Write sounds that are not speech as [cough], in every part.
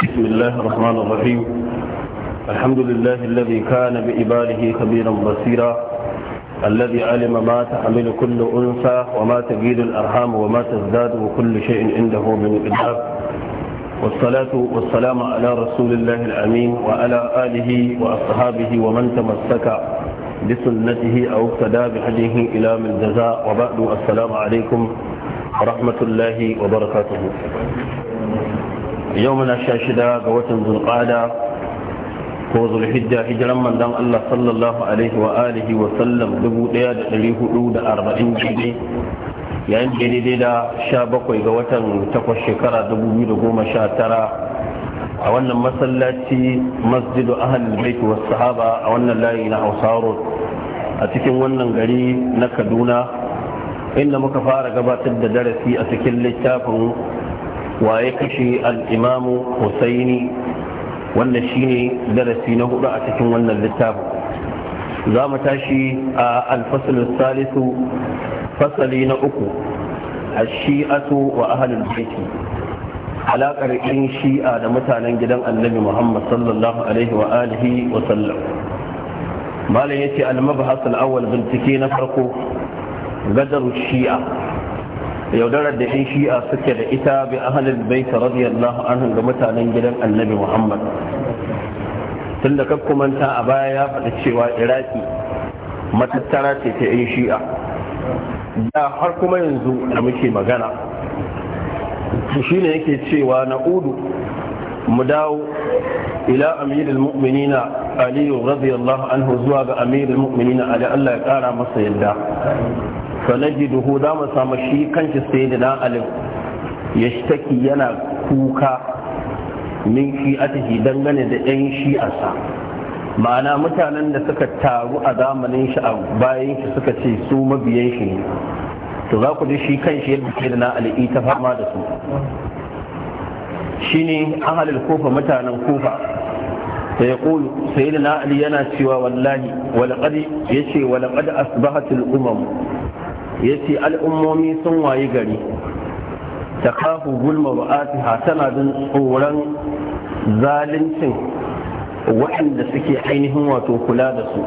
بسم الله الرحمن الرحيم الحمد لله الذي كان بإباله خبيرا بصيرا الذي علم ما تحمل كل أنثى وما تجيد الأرحام وما تزداد وكل شيء عنده من إدعاب والصلاة والسلام على رسول الله الأمين وعلى آله وأصحابه ومن تمسك بسنته أو اقتدى بهديه إلى من جزاء وبعد السلام عليكم ورحمة الله وبركاته yau muna sha shida ga watan zulƙada ko zulhijja hijiran mandan Allah sallallahu alaihi wa alihi wa sallam 1440 jide yayin da daidai da sha bakwai ga watan takwas shekara 2019 a wannan masallaci masjidu ahalul baiti wasu sahaba a wannan layi na hausaro a cikin wannan gari na kaduna inda muka fara gabatar da darasi a cikin littafin waye kashe al'imamu husaini shi shine darasi na hudu a cikin wannan littafin za mu tashi a alfasalin salisu fasali na uku a shi'atu wa ahalin baiti alaƙar in shi'a da mutanen gidan annabi muhammad sallallahu alaihi wa alihi wa sallam malam yace al-mabhas al-awwal bincike na farko gadar shi'a yaudarar da yan shi'a suke da ita bi ahalin baita radiyallahu anhu ga mutanen gidan annabi muhammad tun da kakkumanta a baya ya faɗi cewa iraki matattara ce ta yan shi'a da har kuma yanzu da muke magana shi ne yake cewa na'udu mu dawo ila amirul mu'minina aliyu radiyallahu anhu zuwa ga amirul mu'minina ali Allah ya kara masa yadda fa najiduhu za mu samu shi kanshi sayyidina ali yashtaki yana kuka min shi'atihi dangane da yan shi a sa. ma'ana mutanen da suka taru a zamanin shi a bayan shi suka ce su mabiyan shi ne to za ku ji shi kanshi yadda na ali ta fama da su shine ahalul kofa mutanen kofa? kufa فيقول سيدنا علي ينا سوى والله ولقد يشي ولقد أصبحت الأمم ya ce al'ummomi sun wayi gari ta kafu gulma ba'atiha tana jin tsoron zaluncin waɗanda suke ainihin wato kula da su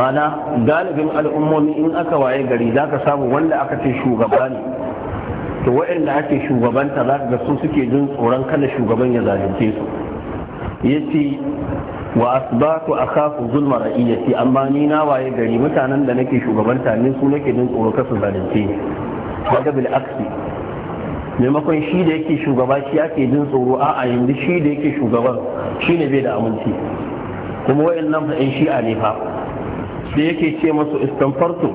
mana galibin al'ummomi in aka waye gari za ka samu wanda aka ce shugaba ne to waɗanda ake shugabanta za ka ga su suke jin tsoron kada shugaban ya zalunce su ya ce wa asbatu akhafu zulma ra'iyati amma ni na waye gari mutanen da nake shugabanta ne su nake jin tsoro kasu zalunce daga bil aksi maimakon shi da yake shugaba shi ake jin tsoro a a yanzu shi da yake shugaban shine bai da aminci kuma wayannan fa in shi'a ne fa da yake ce musu istanfartu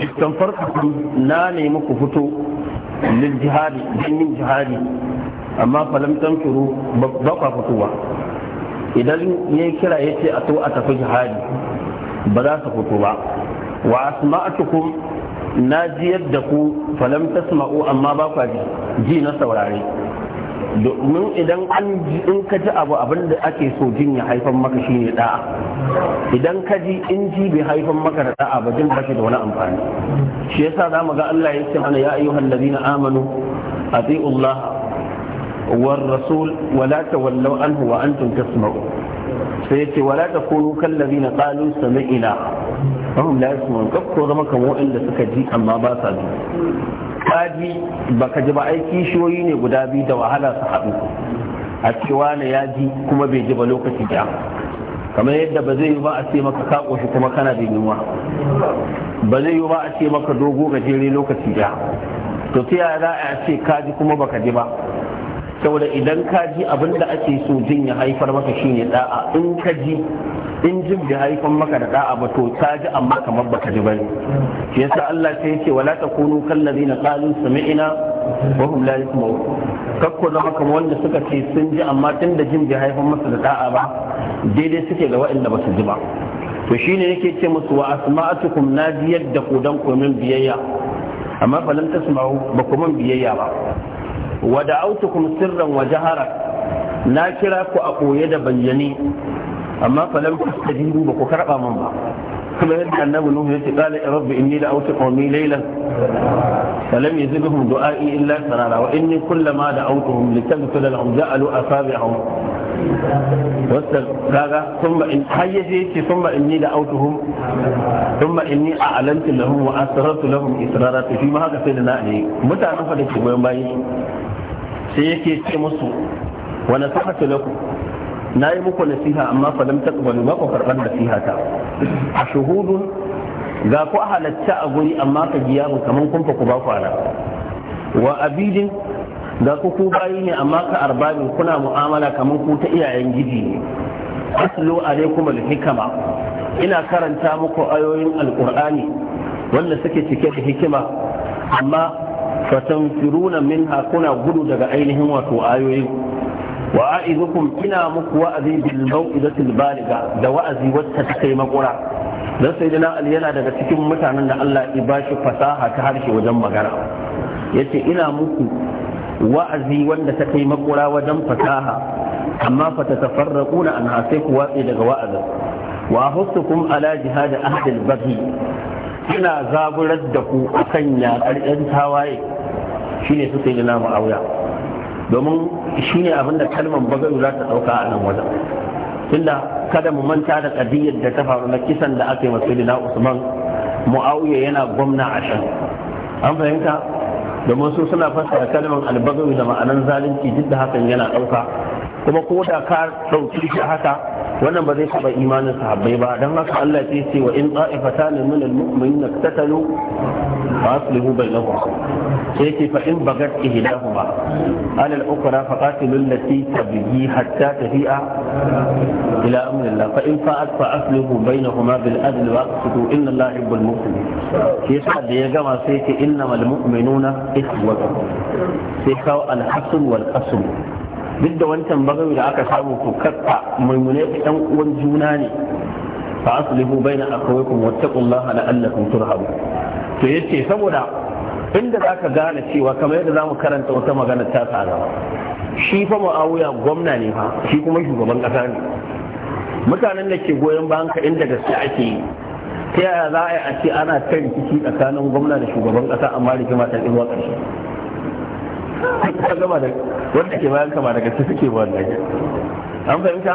istanfartu na nemi ku fito lil jihadi jinin jihadi amma falam tamkiru ba ku fitowa idan ya kira ya ce a to a tafi jihadi ba za su fito ba wa asma'atukum na ji yadda ku falam tasma'u amma ba ku ji na saurare domin idan an in ka ji abu abin da ake so jin ya haifan maka shi ne da'a idan ka ji in ji bai haifan maka da da'a ba jin bashi da wani amfani shi yasa mu ga Allah ya ce mana ya ayyuhal ladina amanu atiiu Allah والرسول ولا تولوا عنه وأنتم تسمعون سيأتي ولا تكونوا كالذين قالوا سمعنا وهم لا يسمعون كفكو زمك وإن سكجي أما باسا جي kaji baka ji ba aiki kishiyoyi ne guda biyu da wahala su haɗu a cewa na ya ji kuma bai ji ba lokaci da kamar yadda ba zai yi ba a ce maka ka koshi kuma kana da yunwa ba zai yi ba a ce maka dogo gajere lokaci da to ta yaya za a ce kaji kuma baka ji ba saboda idan ka ji abin da ake so jin ya haifar maka shine da'a in ka ji in jin bai haifar maka da da'a ba to ta ji amma kamar baka ji bane shi yasa Allah sai yace wala takunu kallazina qalu sami'na wa hum la yasma'u kakko da haka wanda suka ce sun ji amma tun da jin bai haifar masa da da'a ba daidai suke ga waɗanda ba su ji ba to shine yake ce musu wa asma'atukum nadiyat da ku dan ku min biyayya amma falam tasma'u ba kuma min biyayya ba ودعوتكم سرا وجهرا لا كراكو أقو يد بيني أما فلم تستجيبوا بكو كرأ من بعض كما يدعى النبو نوه قال رب إني دعوت قومي ليلا فلم يزدهم دعائي إلا سرارا وإني كلما دعوتهم لتغفر لهم جعلوا أصابعهم ثم إن حيزي ثم إني دعوتهم ثم إني أعلنت لهم وأسررت لهم إسرارات فيما هذا سيدنا علي متى نفذت وين بايش sai yake ce musu wa nasihatu lakum na muku nasiha amma fa lam taqbalu ba ku karɓar nasiha ta a shuhudun ga ku ahalatta a guri amma ka biya mu kaman kun fa ku ba ala wa abidin ga ku ku bayi ne amma ka arbabin kuna mu'amala kaman ku ta iyayen gidi ne aslu alaikum alhikama ina karanta muku ayoyin alqur'ani wanda suke cike da hikima amma fatanfiruna minha kuna gudu daga ainihin wato ayoyin wa a'idukum ina muku wa'azi bil mau'izatil baliga da wa'azi wacce ta kai makura dan sayyidina ali yana daga cikin mutanen da Allah ya bashi fasaha ta harshe wajen magana yace ina muku wa'azi wanda ta kai makura wajen fasaha amma fa tatafarraquna an sai ku daga wa'azin wa husukum ala jihad ahli al ina zaburar da ku a kan yaƙar 'yan tawaye shi ne suka yi na auya domin shi ne abin da kalmar bagaru za ta ɗauka a nan wajen tunda kada mu manta da ƙadiyyar da ta faru na kisan da aka yi masu na usman mu'auya yana gwamna a shan an fahimta domin su suna fassara kalmar albagaru da ma'anan zalunci duk da hakan yana ɗauka kuma ko da ka ɗauki shi haka wannan ba zai taɓa imanin sahabbai ba don haka Allah ya ce wa in ta'ifata ne min al-mu'minin tatalu fa aslihu bainahum sai ce fa in bagat ihdahuma ala al-ukra fa qatilu allati tabghi hatta tafi'a ila amri Allah fa in fa'at fa aslihu bainahuma bil adl wa aqsitu inna Allah yuhibbul muqsitin sai yasa da ya gama sai ce innamal mu'minuna ikhwatu sai kawo al-hasl wal qasl duk da wancan bagawi da aka samu ku kakka mummune ɗan uwan juna ne fa aslihu baina akhawaykum wattaqullaha la'allakum turhamun to yace saboda inda zaka gane cewa kamar yadda zamu karanta wata magana ta sa gaba shi fa muawiya gwamna ne fa shi kuma shugaban kasa ne mutanen da ke goyon bayan ka inda gaske ake yi ta yaya za a yi a ce ana ta rikici tsakanin gwamna da shugaban kasa amma rigima ta ɗin wa ƙarshe ka gama da wanda ke bayan kama daga ta suke wannan an fahimta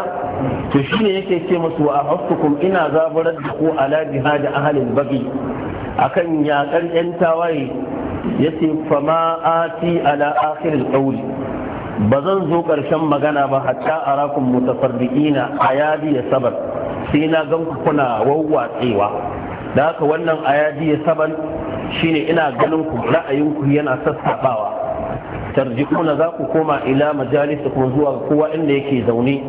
to shi shine yake ce masu a ahaftukum ina zaburar da ku ala jihadi babi bagi akan yakar yan tawaye ya ce fama ati ala akhiril qawli ba zan zo ƙarshen magana ba hatta arakum a yadi ya sabar sai na gan ku kuna wawwatsewa da haka wannan a yadi ya sabar shine ina ganin ku ra'ayinku yana sassaɓawa. tarji'una za ku koma ila kuma zuwa kowa inda yake zaune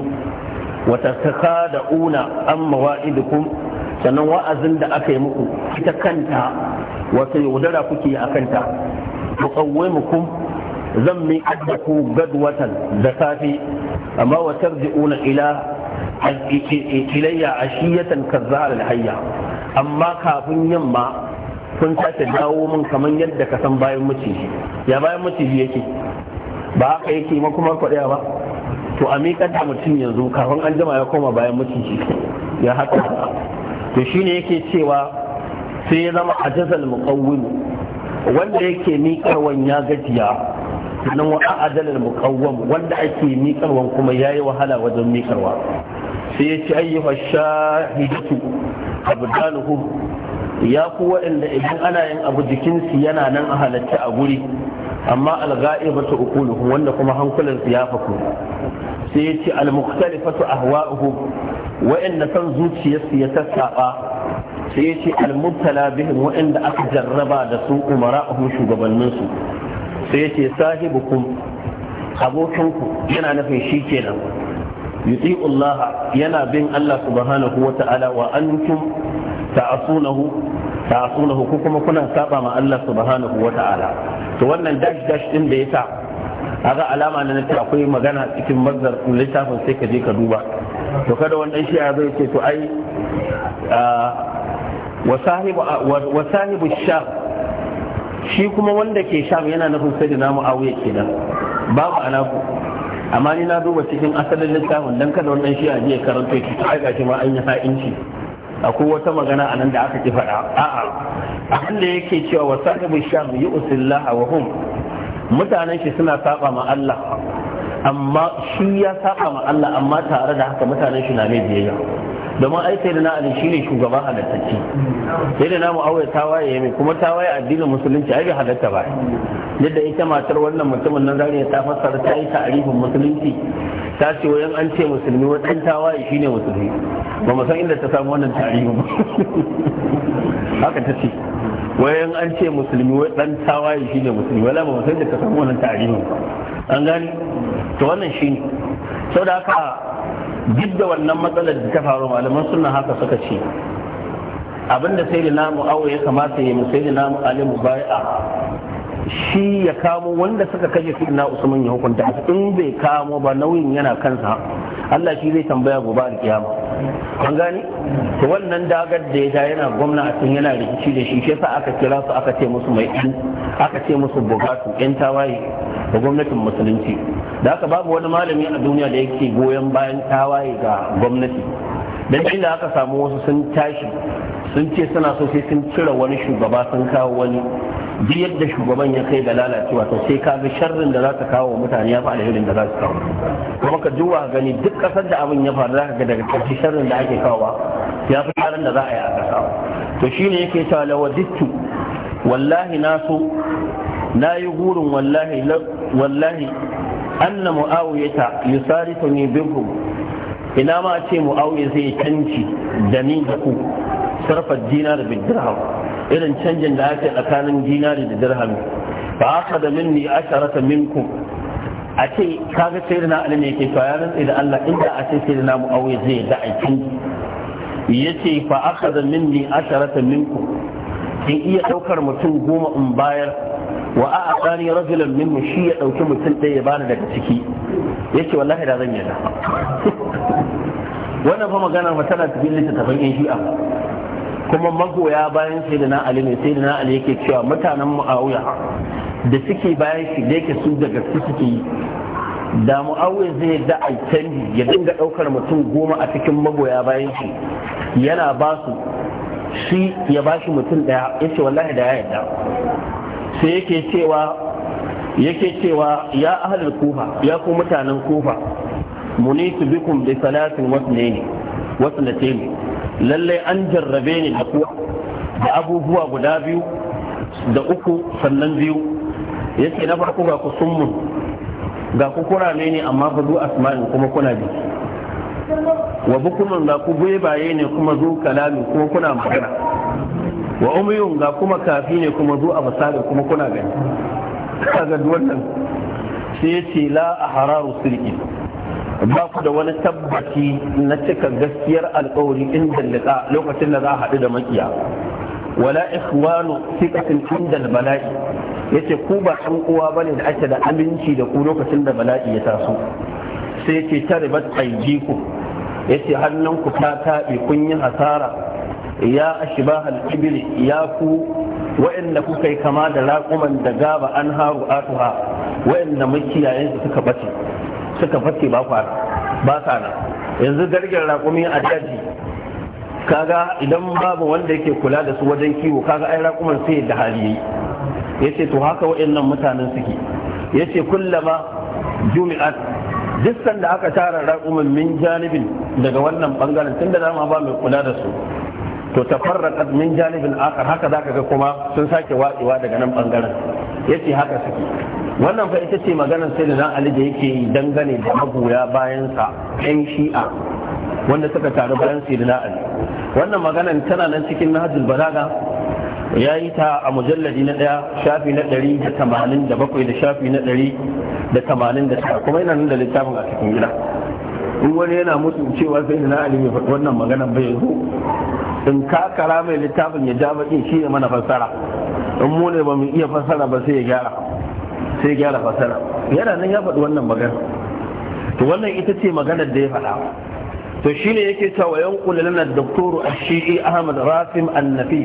wa takada'una an mawa'idukum sannan wa'azin da aka yi muku ita kanta wata yaudara kuke a kanta muku zan mi addaku gadwatan da safi amma wa tarji'una ila ilayya ashiyatan kazzar alhayya amma kafin yamma kun sake dawo min kamar yadda ka san bayan mace ya bayan maciji yake ba haka yake ma kuma kwaɗaya ba to a miƙar da mutum yanzu kafin an jama ya koma bayan maciji ya haka to shi ne yake cewa sai ya zama jazal muƙawwin wanda yake miƙarwan ya gajiya sannan wa adalar muƙawwan wanda ake miƙarwan kuma ya yi wahala wajen miƙarwa sai ya ce sha shahidatu abdanuhum ya ku waɗanda idan ana yin abu jikinsu yana nan a halatta a guri amma alga'ibatu uquluhum wanda kuma hankulansu ya faku sai ya ce hawa uku waɗanda san zuciyarsu ya sassaɓa sai ya ce almubtala bihin waɗanda aka jarraba da su umara'uhum shugabanninsu sai ya ce kun abokinku yana nufin shi kenan yuti'u Allah yana bin Allah subhanahu wa ta'ala wa antum ta'asunahu ta'asunahu ko kuma kuna saba ma Allah subhanahu wata'ala to wannan dash dash din da yasa kaga alama ne ta akwai magana cikin mazdar littafin sai ka je ka duba to kada wannan shi ya zai ce to ai wa sahibu wa sahibu shar shi kuma wanda ke sham yana nufin sai da namu awuye kenan babu alaku amma ni na duba cikin asalin littafin dan kada wannan shi ya je karanto ki ta ga shi ma an yi ha'inci akwai wata magana a nan da aka ki faɗa a'a abin da yake cewa wa sahibu sham yu'sillah wa hum mutanen shi suna saba ma Allah amma shi ya saba ma Allah amma tare da haka mutanen shi na mai biyayya domin ai sai da na ali shine shugaban halattacci sai da na mu'awai tawaye mai kuma tawaye addinin musulunci ai bai halatta ba yadda ita matar wannan mutumin nan zariya ta fassara ta yi ta'arifin musulunci ta ce wayan an ce musulmi wani ɗan tawaye shine musulmi ba mu san inda ta samu wannan ta'arifin ba [laughs] haka ta ce wayan an ce musulmi wani ɗan tawaye shine musulmi wala ba mu san inda ta samu wannan ta'arifin an gani to wannan shine saboda haka duk da wannan matsalar da ta faru malaman suna haka suka ce abinda sai da namu awo ya kamata ya sai da namu alimu bai'a shi ya kamo wanda suka kashe su ina usman ya hukunta in bai kamo ba nauyin yana kansa Allah shi zai tambaya gobe a kiyama an gani? to wannan dagar da ya yana gwamna a cikin yana rikici da shi shi yasa aka kira su aka ce musu mai aka ce musu bugatu yan tawaye da gwamnatin musulunci da haka babu wani malami a duniya da yake goyon bayan tawaye ga gwamnati dan inda aka samu wasu sun tashi sun ce suna so sai sun cire wani shugaba sun kawo wani duk yadda shugaban ya kai ga lalacewa to sai ka ga sharrin da za ta kawo mutane ya fi alherin da za su kawo kuma ka duba gani duk kasar da abin ya faru za ga daga karshe sharrin da ake kawo ya fi tarin da za a yi a kasa to yake cewa lawadittu wallahi na so na yi gurin wallahi wallahi anna mu'awiyata yusaritu ni bihum ina ma ce mu'awiya zai canci da ni da ku sarfa dinar bidirham irin canjin da ake tsakanin dinari da dirhami a ka da minni asharata minkum a ce kaga sai na ali ne ke fa ya rantsi da Allah inda a ce sai na muawiya zai da aikin yace fa ka da minni asharata minkum in iya daukar mutum goma in bayar wa a akani rajulan minmu shi ya dauki mutum ɗaya ya bani daga ciki yace wallahi da zan yarda [laughs] wannan fa magana fa tana cikin littattafan yan shi'a kuma magoya bayan alimi sai ne na ali yake cewa mutanen muawiya da suke bayan shi da yake su daga su suke yi da ma'auya zai da a canji ya dinga ɗaukar mutum goma a cikin magoya bayan shi yana ba su shi ya ba shi mutum ɗaya ya ce wallahi da ya yadda sai yake cewa yake cewa ya ahalar kufa ya ku mutanen kufa munisu bikum bi salatin wasu ne wasu na ne lallai an jarrabe ni da da abubuwa guda biyu da uku sannan biyu yake na farko ga ku summun ga ku kurame ne amma fa zu asma'in kuma kuna bi wa bukumin ga ku baye ne kuma zu kalami kuma kuna magana wa umiyun ga kuma kafi ne kuma zu abasari kuma kuna gani kaga wannan sai ya ce la a hararu sirki ba ku da wani tabbaci na cika gaskiyar alƙawari inda liƙa lokacin da za a haɗu da makiya wala ikhwanu thiqatin inda bala'i yace ku ba ɗan uwa bane da ake da aminci da ku lokacin da bala'i ya taso sai yace taribat aydiku yace hannun ku ta taɓe kun yi hasara ya ashbahal ibil ya ku wa'anda kuka yi kama da raƙuman da gaba an haru atuha wa'anda makiyayen suka bace suka fake ba kwa ba sa nan yanzu dargin raƙumi a daji kaga idan babu wanda yake kula da su wajen kiwo kaga ai raƙuman sai da hali yace to haka waɗannan mutanen suke yace kullama jumi'at duk sanda aka tara raƙuman min janibin daga wannan bangaren tunda dama ba mai kula da su to tafarraqat min janibin akar haka zaka ga kuma sun sake watsewa daga nan bangaren yace haka suke wannan fa ita ce maganar sai da ali da yake dangane da magoya bayansa yan shi'a wanda suka taru bayan sai da ali wannan maganar tana nan cikin nahajul balaga ya yi ta a mujalladi na ɗaya shafi na ɗari da tamanin da bakwai da shafi na ɗari da tamanin da tara kuma yana nan da littafin a cikin gida in wani yana mutu cewa sai na ali mai faɗi wannan magana bai yanzu in ka kara mai littafin ya ja baƙin shi ya mana fassara in mu ne ba mu iya fassara ba sai ya gyara sai gyara fasara yana nan ya faɗi wannan magana to wannan ita ce maganar da ya faɗa to shine yake cewa yan kulalana doktor ashii ahmad rafim annafi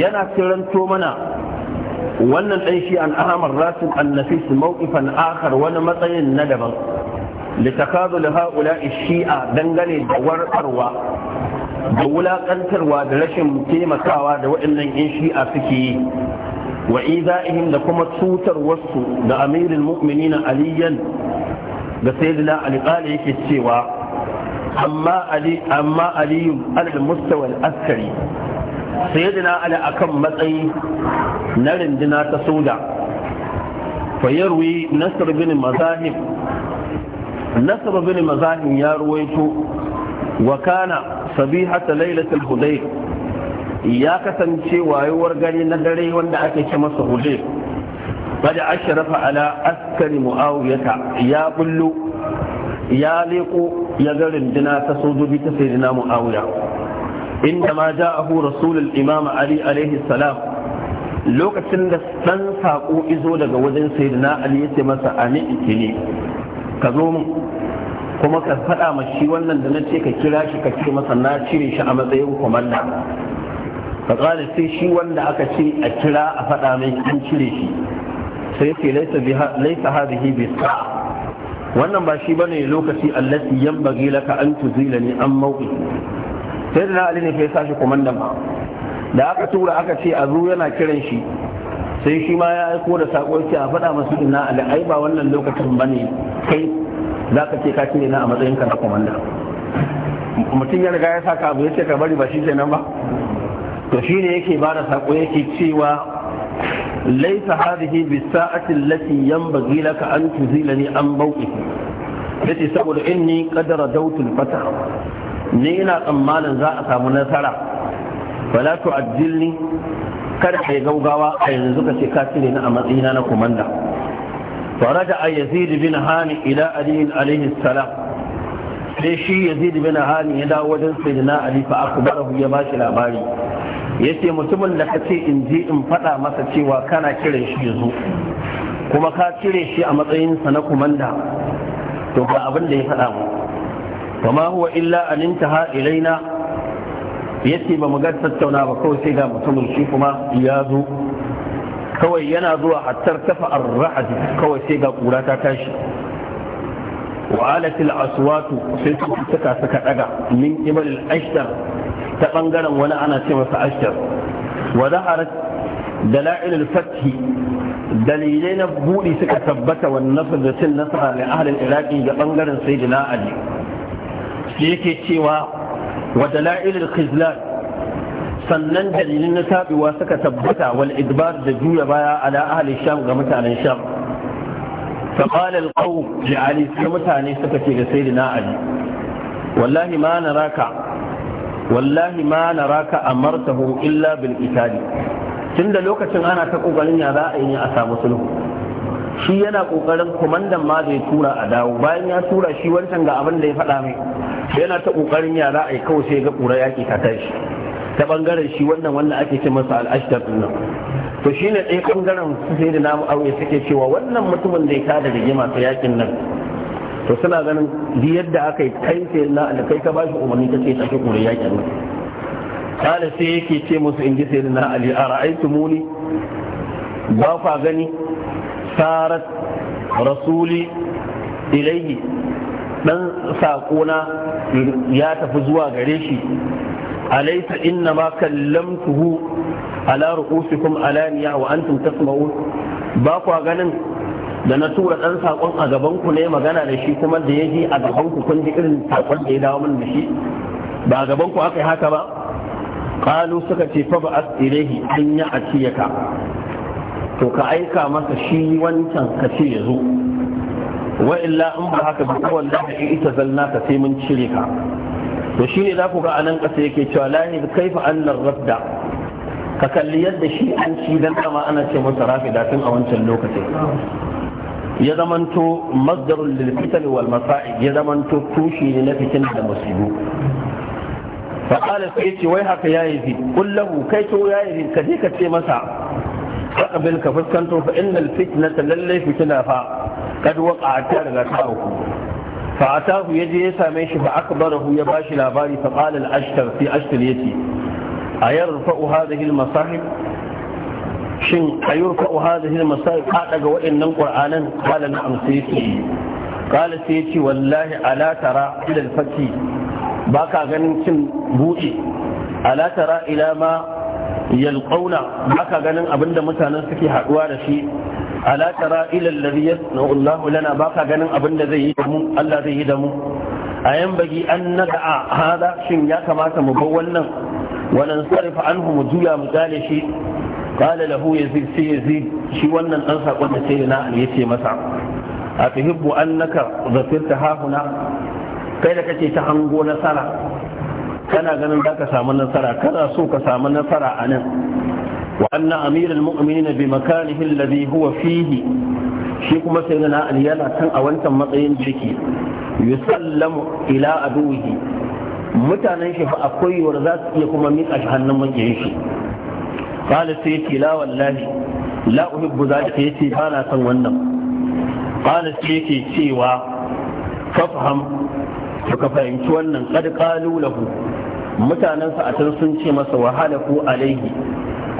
yana kiranto mana wannan dan shi an ahmad rafim annafi mawqifan akhar wani matsayin na daban litakadu li haula shi'a dangane da warkarwa da wulakantarwa da rashin taimakawa da waɗannan yan shi'a suke yi wa iza'ihim da kuma cutar wasu da amirul mu'minin aliyan da sayyidina ali qala yake cewa amma aliyu alal mustawa askari sayyidina ali kan matsayi na rindina ta soja fayarwi nasr bin mazahib ya ruwaito wakana kana sabihata lailatul hudayr ya kasance wayewar gari na dare wanda ake ce masa hudayr bada ashrafa ala askari muawiyata ya bullo ya leko ya ga rindina ta sojoji ta sayyidina muawiya inda ma ja'ahu rasulul imam ali alaihi salam lokacin da dan sako izo daga wajen sayyidina ali yace masa ani ikini ka zo mu kuma ka faɗa ma wannan da na ce ka kira shi ka ce masa na cire shi a matsayin kumalla. faƙali sai shi wanda aka ce a kira a faɗa mai an cire shi sai ce laisa hadhihi bi wannan ba shi bane lokaci allati yanbaghi laka an tuzila ni an mawqi sai da ali ne fa sashi komandan ba da aka tura aka ce a zo yana kiran shi sai shi ma ya aiko da sako yake a faɗa masa inna ali ai ba wannan lokacin bane kai zaka ce ka kire na a matsayin ka na komanda mutum ya riga ya saka abu yace ka bari ba shi kenan ba to shine yake ba da sako yake cewa laisa hadhihi bisa'ati allati yanbaghi laka an ni an bauqi yace saboda inni qadara dautul fatah ni ina tsammanin za a samu nasara fala tu'ajjilni kada kai gaugawa a yanzu ka ce ka cire ni a matsayina na komanda فرجع yazid بن هاني إلى علي عليه السلام sai shi yazid bin hani ya dawo wajen sayyidina ali fa akbarahu ya bashi labari yace mutumin da ka ce in je in faɗa masa cewa kana kiran shi ya zo kuma ka cire shi a matsayinsa na kumanda to ga abin da ya faɗa mu kama huwa illa an intaha ilaina yace ba mu ga tattauna ba kawai sai ga mutumin shi kuma ya zo kawai yana zuwa hattar tafa ar-ra'd kawai sai ga kura ta tashi wa alatil aswatu sai suka suka daga min ibal al-ashdar ta ɓangaren wani ana ce masa ashar wa zaharat dalailul fathi dalilai na buɗi suka tabbata wa nasar da cin nasara ne ahalin iraki ga bangaren sayyidina ali shi yake cewa wa dalailul khizlan sannan dalilin na tabiwa suka tabbata wal idbar da juya baya ala ahalin sham ga mutanen sham فقال القوم لعلي سمتاني سكتي لسيدنا علي والله ما نراك wallahi ma naraka amartahum illa bil Tun da lokacin ana ta kokarin ya za a yi a samu sulhu shi yana kokarin kumandan ma zai tura a dawo bayan ya tura shi wancan ga abin da ya faɗa mai yana ta kokarin ya za a yi kawai sai ga kura yaƙi ta tashi ta bangaren shi wannan wanda ake ce masa al'ashtar nan to shine ɗaya bangaren sai da namu aure suke cewa wannan mutumin da ya tada rigima ta yaƙin nan to suna ganin bi yadda aka yi kai ce na da kai ka bashi umarni ta tafi kure yaƙi ne kala sai yake ce musu in ji sai na ali muni ba fa gani sarat rasuli ilayhi dan sakona ya tafi zuwa gare shi alaysa inna ma kallamtuhu ala ru'usikum alaniya wa antum tasma'un ba kwa ganin da na tura ɗan saƙon a gaban ku ne magana da shi kuma da ya ji a gaban ku kun ji irin saƙon da ya dawo min da shi ba a gaban ku aka yi haka ba kalu suka ce fa ba as ilaihi an ya atiyaka to ka aika masa shi wancan ka ce ya zo wa illa in ba haka ba wallahi in ita zalna ka sai mun cire ka to shi ne za ku ga anan ƙasa yake cewa lahi kaifa annar rabda. ka kalli yadda shi an ci dan dama ana ce masa rafida tun a wancan lokacin ya zamanto masdarun lil fitan wal masa'ib ya zamanto tushi ne na fitin da musibu fa qala sai wai haka yayi fi kullahu kai to yayi fi kaje ka ce masa faqbil ka fuskanto fa innal fitnata lallai fitina fa kad waqa'at ta daga ta uku fa atahu yaje ya same shi fa akbarahu ya bashi labari fa qala al ashtar fi ashtar yati ayarfa'u hadhihi al masahib shin a yurfa hadhihi al-masail ka daga waɗannan qur'anan qala na amsi qala sai ce wallahi ala tara ila al-faki ba ka ganin cin buɗe ala tara ila ma yalqauna ba ka ganin abinda mutanen suke haɗuwa da shi ala tara ila alladhi yasna'u Allahu lana ba ka ganin abinda zai yi da mu Allah zai yi da mu a yan bagi an nada'a hada shin ya kamata mu bar wannan wannan sarrafa anhu mu juya mu gane shi قال له يزيد سي يزيد شي wannan dan sakon da sai na Ali ce masa a tuhibbu annaka zafirta ha huna kai da kace ta hango nasara kana ganin zaka samu nasara kana so ka samu nasara anan wa anna amiral mu'minina bi makanihi alladhi huwa fihi shi kuma sai na Ali yana kan a wancan matsayin jiki yusallamu ila aduhi mutanen shi fa akwai wanda za su iya kuma miƙa shi hannun makiyin shi قال سيتي لا والله لا أحب ذلك يتي بانا سنونا قال سيتي سيوا فافهم فكفهم تونا قد قالوا له mutanensa a can sun ce masa wahala ko alaihi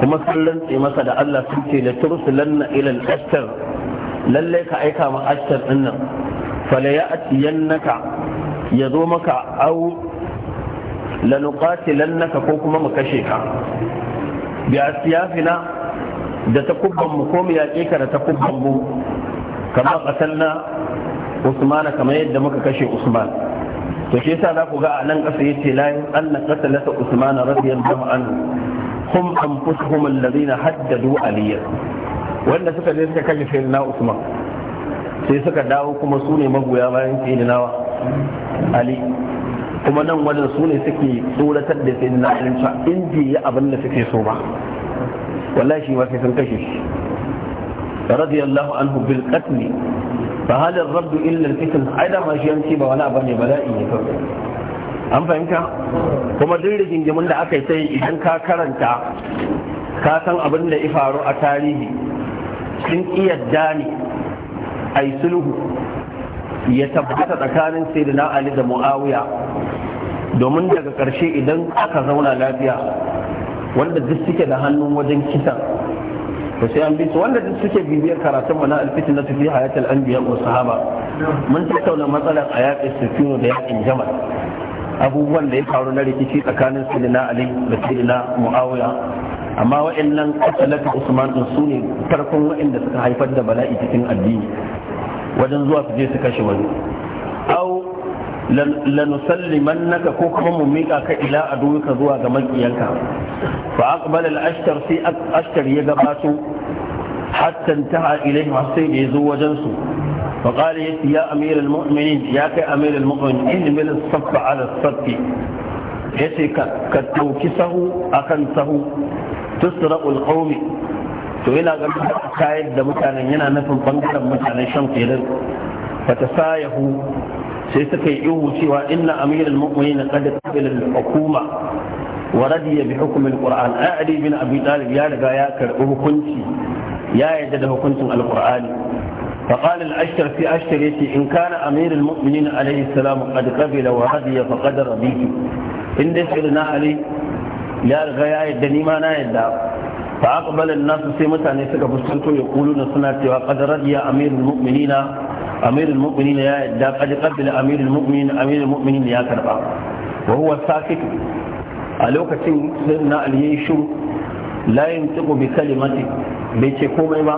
kuma sun rantse masa da Allah sun ce la tursulanna ila al-ashtar lalle ka aika ma ashtar din nan fala ya zo maka au ko kuma mu kashe ka bi siyafina da takubban mu ko mu yaƙe ka da takubban mu kama qatalna Usman kamar yadda muka kashe Usman to shi yasa za ku ga a nan ƙasa yace la anna qatalata Usman radiyallahu anhu hum anfusuhum alladhina haddadu aliyya wanda suka je suka kashe na Usman sai suka dawo kuma su ne magoya bayan sayyidina Ali kuma nan wajen su ne suke tsoratar da sai na alimta in bai yi abin da suke so ba wallahi shi ma sai sun kashe shi radiyallahu anhu bil qatl fa hal ar-rabb illa al-qatl aidan ma shi yanci ba wani abu ne bala'i ne kawai an fahimta kuma duk rigingimin da aka yi sai idan ka karanta ka san abin da ya faru a tarihi sun iya ne a yi sulhu ya tabbata tsakanin sayyidina ali da muawiya domin daga ƙarshe idan aka zauna lafiya wanda duk suke da hannun wajen kisa to sai an bi su wanda duk suke bibiyar karatun mana alfitin na tafi hayatul anbiya wa sahaba mun tattauna matsalar a yaƙin sufino da yaƙin jamal abubuwan da ya faru na rikici tsakanin sirina ali da sirina muawiya amma wa'annan kasalatu usman din su ne farkon wa'anda suka haifar da bala'i cikin addini wajen zuwa su je su kashe wani naka ko kuma mu mika ka ila aduwika zuwa ga makiyanka fa aqbala al-ashtar sai ashtar ya gabato hatta intaha ilayhi sai da yazo wajen su fa qala yati ya amir al-mu'minin ya kai amir al-mu'minin in bil saff ala saff ka ka dauki sahu kan sahu tusra'u al to yana ga kayan da mutanen yana nufin bangaren mutanen shan kenan fa tasayahu sai suka yi ihu cewa inna amir al-mu'minin na kada kabilin hukuma wa radiya bi hukumin qur'an ai ali bin abi talib ya riga ya karbi hukunci ya yadda da hukuncin alqur'ani fa qala al-ashtar fi ashtarati in kana amir al-mu'minin alayhi salam qad qabila wa radiya fa qad rabihi in da na ali ya riga ya yadda ni ma na yadda fa aqbala an-nas sai mutane suka fuskanto ya kuluna suna cewa qad radiya amir al-mu'minin amirul mu'minin ya da qad qabila amirul mu'minin amirul mu'minin ya karba wa huwa sakit a lokacin sayyidina ali yayi shu la yantiqu bi kalimati bai ce komai ba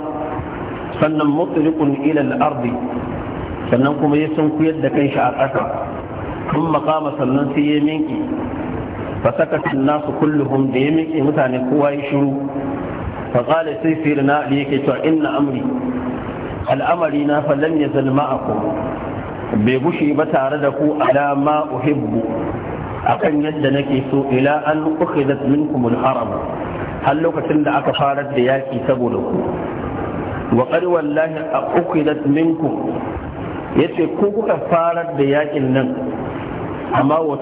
sannan mutliqun ila al-ard sannan kuma ya san sunkuyar kai shi a ƙasa kun makama sannan sai ya minki fa sakata nasu kulluhum da ya minki mutane kowa ya shiru fa qala sai sirna ali yake cewa inna amri al'amari na fallan ya zalma a ku bai gushe ba tare da ku alama uhibbu akan yadda nake so ila an ukhidat minkum al-haram har lokacin da aka fara da yaƙi saboda ku wa qad wallahi ukhidat minkum ce ku kuka fara da yaƙin nan amma wa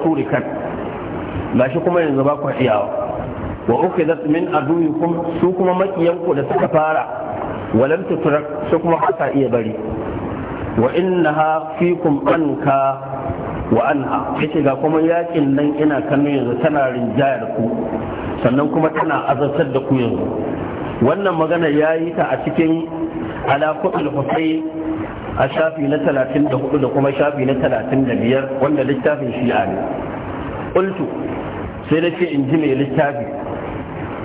Ba shi kuma yanzu ba ku iyawa wa ukhidat min aduwikum su kuma makiyanku da suka fara walam tutrak su kuma haka iya bari wa innaha fikum anka wa anha yace ga kuma yakin nan ina kallon yanzu tana rinjayar ku sannan kuma tana azabtar da ku yanzu wannan magana ya yi ta a cikin alaƙul husai a shafi na 34 da kuma shafi na 35 wanda littafin shi'a ne ƙultu sai da ce in ji mai littafi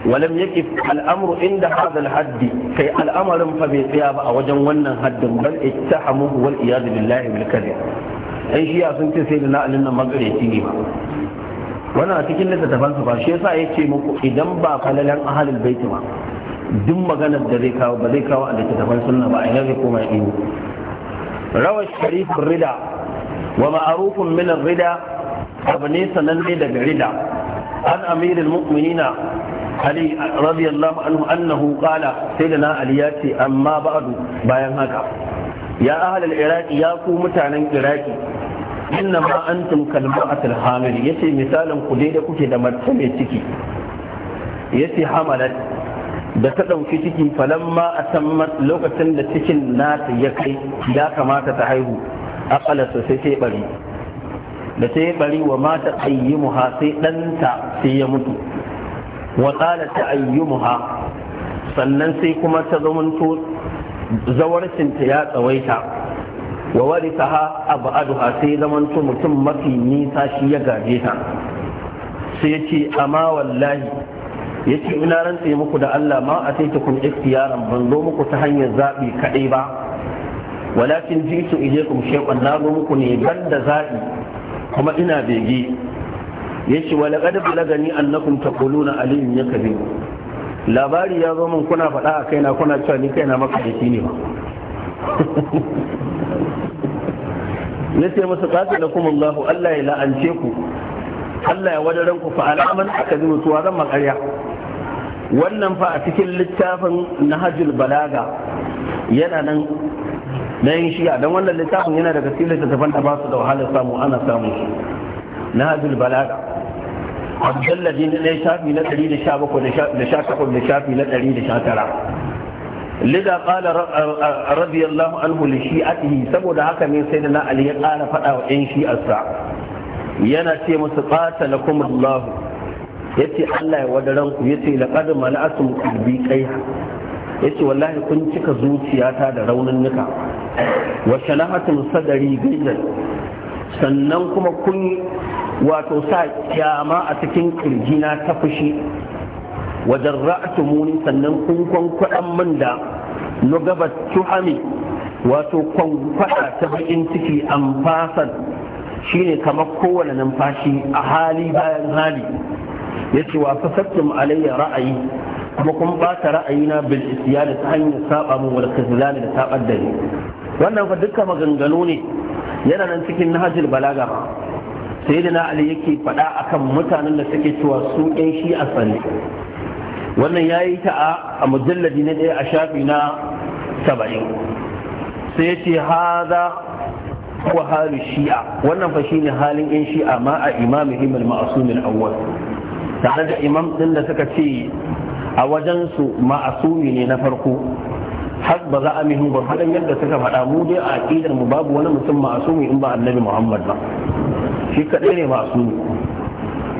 ولم يقف الأمر عند هذا الحد كي الأمر فبيتياب أوجن ونن حد بل اتهموه والعياذ بالله بالكذب أي شيء أصنت سيدنا لنا مقري تيما wannan a cikin littattafan su ba shi yasa ya ce muku idan ba falalan ahalul baiti ba duk maganar da zai kawo ba zai kawo a littattafan sunna ba a ina zai koma iyo rawar sharifin rida wa ma'arufin minan rida abu ne sananne daga rida an amirul mu'minina علي رضي الله عنه أنه قال سيدنا علي أما بعد بيان هكا يا أهل العراق يا متعن العراق إنما أنتم كالمرأة الحامل يتي مثالا قدير كتد مرتمي تكي يتي حملت da ta ɗauki ciki ma a sammat lokacin da cikin nata ya kai ya kamata ta haihu akalarsa sai sai bari da sai bari wa mata ayyimuha sai ɗanta sai ya mutu wa ta ayyumuha sannan sai kuma ta zamanto zawarcinta ya tsawaita wa waritaha abaduha sai zamanto mutum mafi nisa shi ya gaje ta sai ce amma wallahi ya ce ina rantse muku da Allah ma a sai tukun ikhtiyaran ban zo muku ta hanyar zaɓi kaɗai ba walakin jitu ilaykum shay'an na zo muku ne ban da zaɓi kuma ina bege wale yace wala qad balagani annakum taquluna aliyyun yakbir labari ya zo min kuna faɗa a kaina kuna cewa ni kaina maka da shi ne ba [laughs] ya ce musu ƙasa da kuma Allah Allah ya la'ance ku Allah ya wadaran ku fa alaman aka zai mutuwa zan makarya wannan fa a cikin littafin na hajjul balaga yana nan na yin shiga don wannan littafin yana daga cikin littattafan da ba su da wahalar samu ana samu na hajjul balaga a mujalladi na ɗaya shafi na ɗari da sha bakwai da sha takwas da shafi na ɗari da sha tara lida ƙala radiyallahu anhu li shi'atihi saboda haka ne sai da na ali ya ƙara faɗa wa ƴan shi'arsa yana ce musu na kuma qatalakum ya ce Allah ya wadaran ku yace laqad mala'atum qalbi ya ce wallahi kun cika zuciyata da raunin nuka wa shalahatum sadari gaidan sannan kuma kun wato sa kyama a cikin kirjina ta fushi wajen ra'atu muni sannan kun kwankwaɗan man da lugaba tuhami wato kwankwaɗa ta bakin ciki an shi shine kamar kowane numfashi a hali bayan hali ya ce wa fasattum alayya ra'ayi kuma kun ɓata ra'ayina bil isyan ta hanyar saba min wal kazlan da sabar da ni wannan fa dukkan maganganu ne yana nan cikin nahajin balaga sai da na ali yake faɗa akan mutanen da suke cewa su ɗan shi a sani wannan ya yi ta a mujalladi na ɗaya a shafi na saba'in sai ya ce haza wa halu shi'a wannan fa shine halin yan shi'a ma a imam al ma'asumin awwal tare da imam ɗin da suka ce a wajen su ma'asumi ne na farko har ba za a mihin gwargwadon yadda suka faɗa mu dai a aƙidar mu babu wani mutum ma'asumi in ba annabi muhammad ba shi kadai ne masu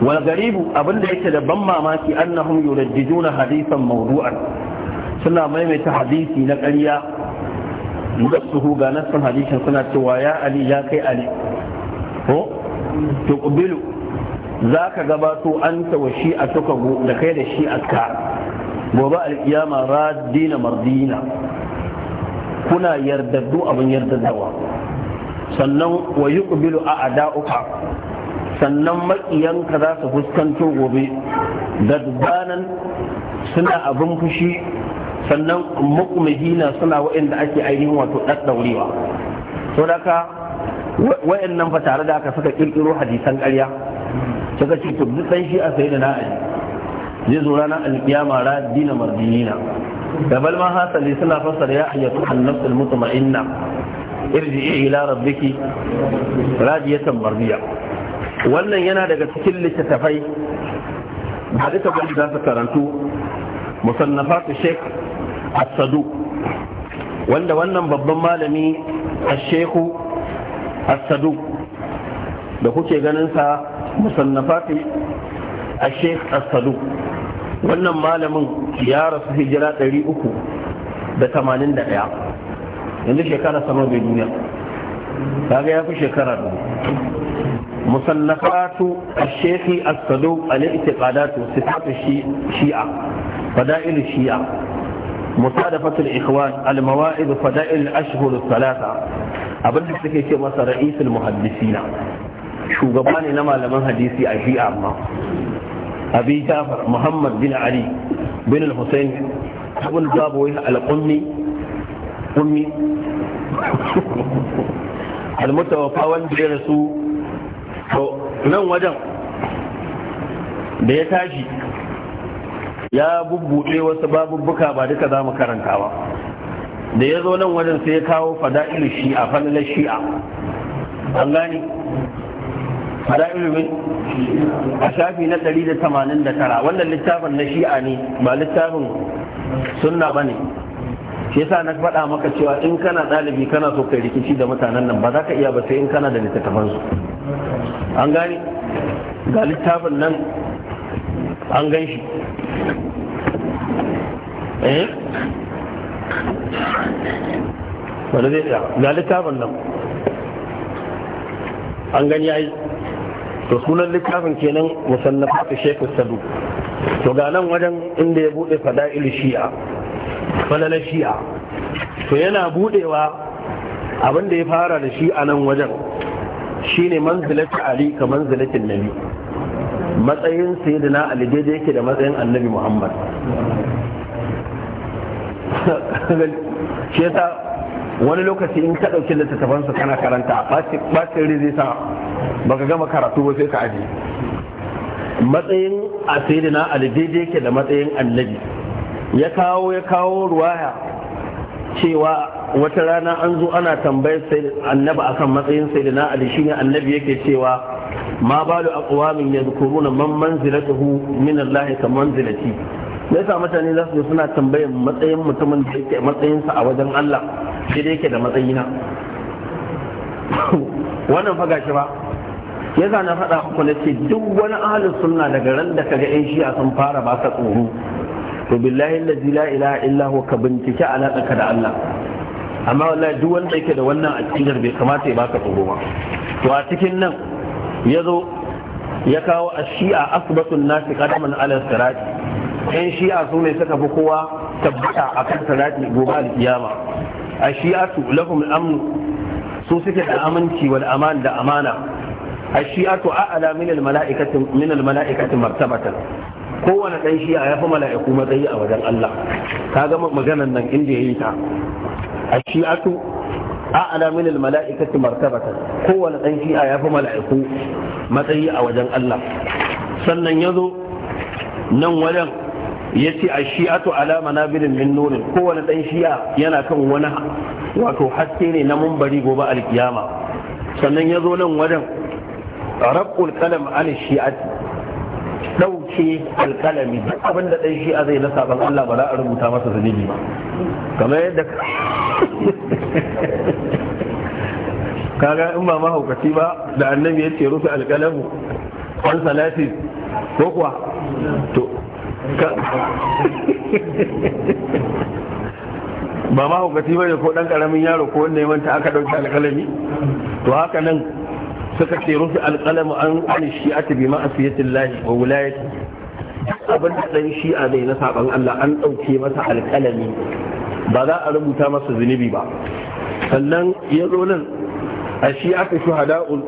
wal garibu abinda yake da ban mamaki annahum yurajjiduna hadisan mawdu'an suna maimaita hadisi na ƙarya suhu ga nasan hadisin suna cewa ya ali ya kai ali ko tuqbilu zaka gabato anta wa shi'atuka da kai da shi a ka gobe alkiyama radina mardina kuna yardaddu abin yardaddawa sannan wa a a'da'uka sannan makiyanka za su fuskanto gobe dadbanan suna abin fushi sannan mukumihina suna waɗanda ake ainihin wato ɗaɗɗaurewa So da ka waɗannan fa tare da aka suka ƙirƙiro hadisan ƙarya suka ce to duk ɗan shi a sai da na'aji zai zo ranar alƙiyama ra dina mardinina da balma hasali suna fassara ya ayyatu annabtul mutma'inna irji'i ila rabbiki radiyatan mardiya wannan yana daga cikin littattafai ba duka bane za su karantu musannafatu sheikh as-sadu wanda wannan babban malami as-sheikh as-sadu da kuke ganin sa musannafatu as-sheikh as-sadu wannan malamin ya rasu hijira 381 yanzu shekara sama bai duniya kaga ya fi shekara dubu musannafatu ashekhi as-saduq al-i'tiqadatu sifatu shi'a fada'il shi'a مصادفة الإخوان المواعظ فدائل الأشهر الثلاثة abin da suke ce masa ra'isul muhaddisina shugaba ne na malaman hadisi a shi'a amma abi jafar muhammad bin ali bin al-husayn abul babawai al kummi almutawafa wanda ya rasu to nan wajen da ya tashi ya bubbuɗe wasu babubbuka ba duka za mu karanta ba da ya zo nan wajen sai ya kawo fada'ilu shi'a fadalar shi'a an gani fada'ilu min a shafi na 189 wannan littafin na shi'a ne ba littafin sunna ba ne shi yasa na faɗa maka cewa in kana ɗalibi kana so kai rikici da mutanen nan ba za ka iya ba sai in kana da littattafan su an gane ga littafin nan an gan shi eh wanda zai tsaya ga littafin nan an gani ya yi to sunan littafin kenan musallafa ta shekul sadu to ga nan wajen inda ya bude fada'ilu shi'a falalar shi'a to yana budewa da ya fara da shi a nan wajen shine manzilati ali ka manzilatin nabi matsayin sayyidina ali daidai yake da matsayin annabi muhammad shi yasa wani lokaci in ka ɗauki littattafansa kana karanta bacin rizi sa baka gama karatu ba sai ka aji matsayin a sayyidina ali daidai yake da matsayin annabi ya kawo ya kawo ruwaya cewa wata rana an zo ana tambayar sai annabi akan matsayin sai da na ali ne annabi yake cewa ma balu aqwamin yadhkuruna man manzilatuhu min Allah ka manzilati sa mutane za su suna tambayar matsayin mutumin da yake matsayinsa a wajen Allah shi da yake da matsayina wannan fa shi ba yasa na faɗa ku na ce duk wani ahlus sunna daga ran da kaga yan shi'a sun fara ba ka tsoro to billahi allazi la ilaha illa huwa ka bincike alaƙa da Allah amma wallahi duk wanda yake da wannan aqidar bai kamata ya baka tsoro ba to a cikin nan ya zo ya kawo ashi'a asbatun nasi qadaman ala sirati ɗan shi'a su ne suka fi kowa tabbata akan sirati gobe alkiyama ashi'atu lahum al-amn su suke da aminci wal aman da amana ashi'atu a'la min al-mala'ikati min al-mala'ikati martabatan kowane ɗan shi ya fi mala'iku matsayi a wajen Allah ka gama maganan nan inda ya ta a shi'atu a'ala min al-mala'ikati martabatan kowane ɗan shi ya fi mala'iku matsayi a wajen Allah sannan yazo nan wajen yace a shi'atu ala manabirin min nurin kowane ɗan shi'a yana kan wani wato haske ne na mumbari gobe alkiyama sannan yazo nan wajen rabul kalam an shi'ati ɗauke alƙalami abin da ɗan a zai na saban Allah ba za a rubuta masa zunubi ba kamar yadda [laughs] kaga in ba mahaukaci ba da annabi ya ce rufe alƙalamu on salati ko kuwa to [laughs] ba mahaukaci ba ne ko ɗan ƙaramin yaro ko wanda ya manta aka ɗauki alƙalami to haka nan suka ce rufe an ƙani shi'ata bi ma'asiyatin lahi wa abin da ɗan shi'a ne na saɓan Allah an ɗauke masa alƙalami ba za a rubuta masa zunubi ba sannan ya zo nan a shi'ata shuhada'un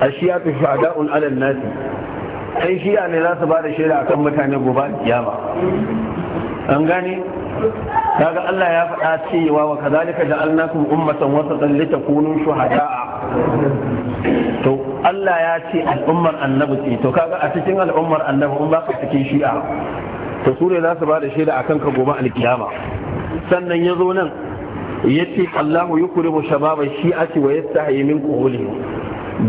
a shi'ata shuhada'un alal nasi shi'a ne za su ba da shaida akan mutane gobe kiyama an gane kaga Allah ya faɗa cewa wa kazalika ja'alnakum ummatan wasatan litakunu shuhada'a to Allah ya ce al'ummar annabi ce to kaga a cikin al'ummar annabi in baka cikin shi'a to su za su ba da shaida akan ka gobe alkiyama sannan yazo nan yace ce Allahu yukrimu shababa shi'a wa yastahi min qulihim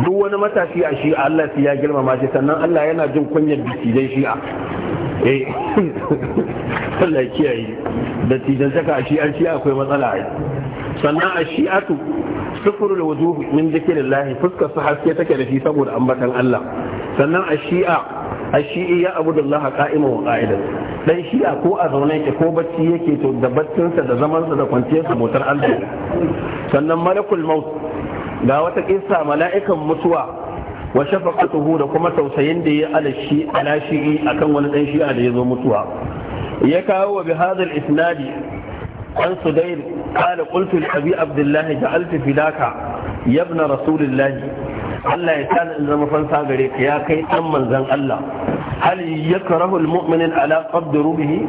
duk wani matashi a shi'a Allah sai ya girmama shi sannan Allah yana jin kunyar bikidai shi'a eh. [laughs] Allah kiyaye da tijantaka a shi'a shi'a akwai matsala a sannan a shi'atu sufuru da wujuhu min zikirin lahi fuskar su haske take da shi saboda ambatan Allah sannan a shi'a a shi'i ya abu da Allah ka'ima wa ƙa'ida dan shi'a ko a zaune yake ko bacci yake to da baccinsa da zamansa da kwanciyarsa motar Allah sannan malakul maut ga wata kissa mala'ikan mutuwa wa shafaqatuhu da kuma tausayin da ya ala shi ala shi'i akan wani dan shi'a da ya zo mutuwa ya kawo wa bi isnadi an sudair qala qultu li abi abdullahi ja'altu fidaka ya yabna rasulillah Allah ya sa in zama fansa gare ka ya kai ɗan manzon Allah hal yakrahu almu'min ala qabd rubihi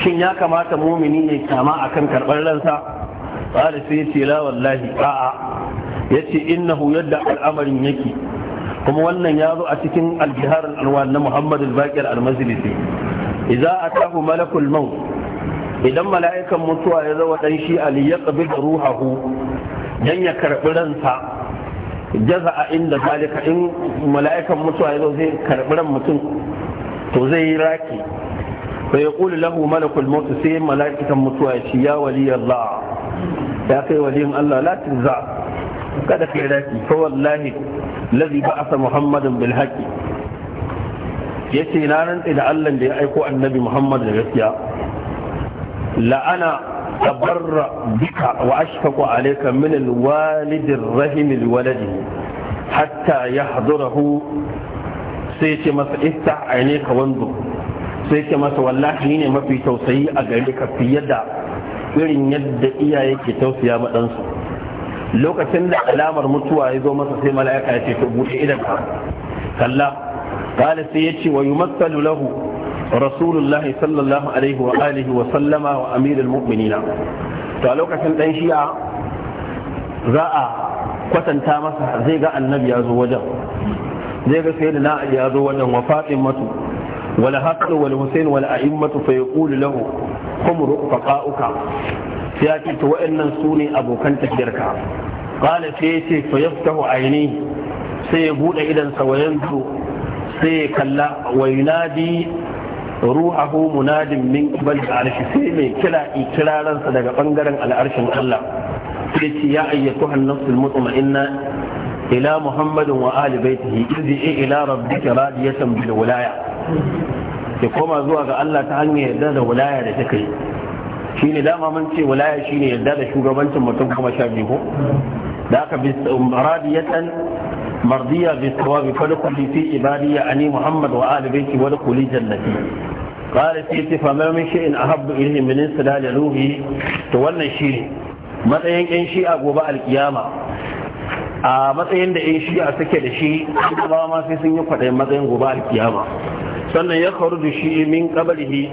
shin ya kamata mumini ya kama akan karbar ransa qala sai ce la wallahi a'a yace innahu yadda al'amarin yake kuma wannan ya zo a cikin aljihar alwan na Muhammad al-Baqir al-Majlisi idza atahu malakul maut idan mala'ikan mutuwa ya zawa dan shi ali ya da ruhahu dan ya karbi ransa jaza a inda zalika in mala'ikan mutuwa ya zo zai karbi ran mutum to zai yi raki fa yaqulu lahu malakul maut sai mala'ikan mutuwa ya ce ya waliyallah ya kai waliyin Allah la za, kada kai raki fa wallahi ladhi ba'atha muhammadan bil haqqi ya ce na rantse da Allah da ya aiko annabi Muhammad da gaskiya la'ana barra duka wa ashfaqu alayka min alwalid arrahim alwalad hatta yahdurahu sai ce masa ista ka wanzu sai ce masa wallahi ne mafi tausayi a gari ka fiye da irin yadda iyaye ke tausaya ma lokacin da alamar mutuwa ya zo masa sai mala'ika ya ce to buɗe idan ka kalla قال سيتي ويمثل له رسول الله صلى الله عليه وآله وسلم وأمير المؤمنين تعالوا كسن تنشيع ذا كسن تامس زيغا النبي عز وجل زيغا سيدنا علي عز وجل وفاطمة والحسن والحسين والأئمة فيقول له هم رفقاؤك سياتي وإن سوني أبو كنت شركا قال سيتي فيفتح عينيه سيبود إذا سوينزو sai ya kalla wa yunadi ruhahu munadin min qibal arshi sai mai kira ikiraransa daga bangaren al'arshin Allah sai ce ya ayyatuha an-nafsul mutma'inna ila muhammadin wa ali baitihi idhi ila rabbika radiyatan bil wilaya ke koma zuwa ga Allah ta hanyar yarda da wilaya da take shine dama mun ce wilaya shine yarda da shugabancin mutum kuma sha biyu da aka bi um, radiyatan مرضية بالثواب فدخلي في عبادي أني محمد وآل بيتي ودخلي جنتي قال سيتي فما من شيء أحب إليه من انسلال روحي تولى الشيء matsayin 'yan shi'a gobe alkiyama a matsayin da 'yan shi'a suke da shi ba ma sai sun yi kwaɗayin matsayin gobe alkiyama sannan ya karu shi min kabarihi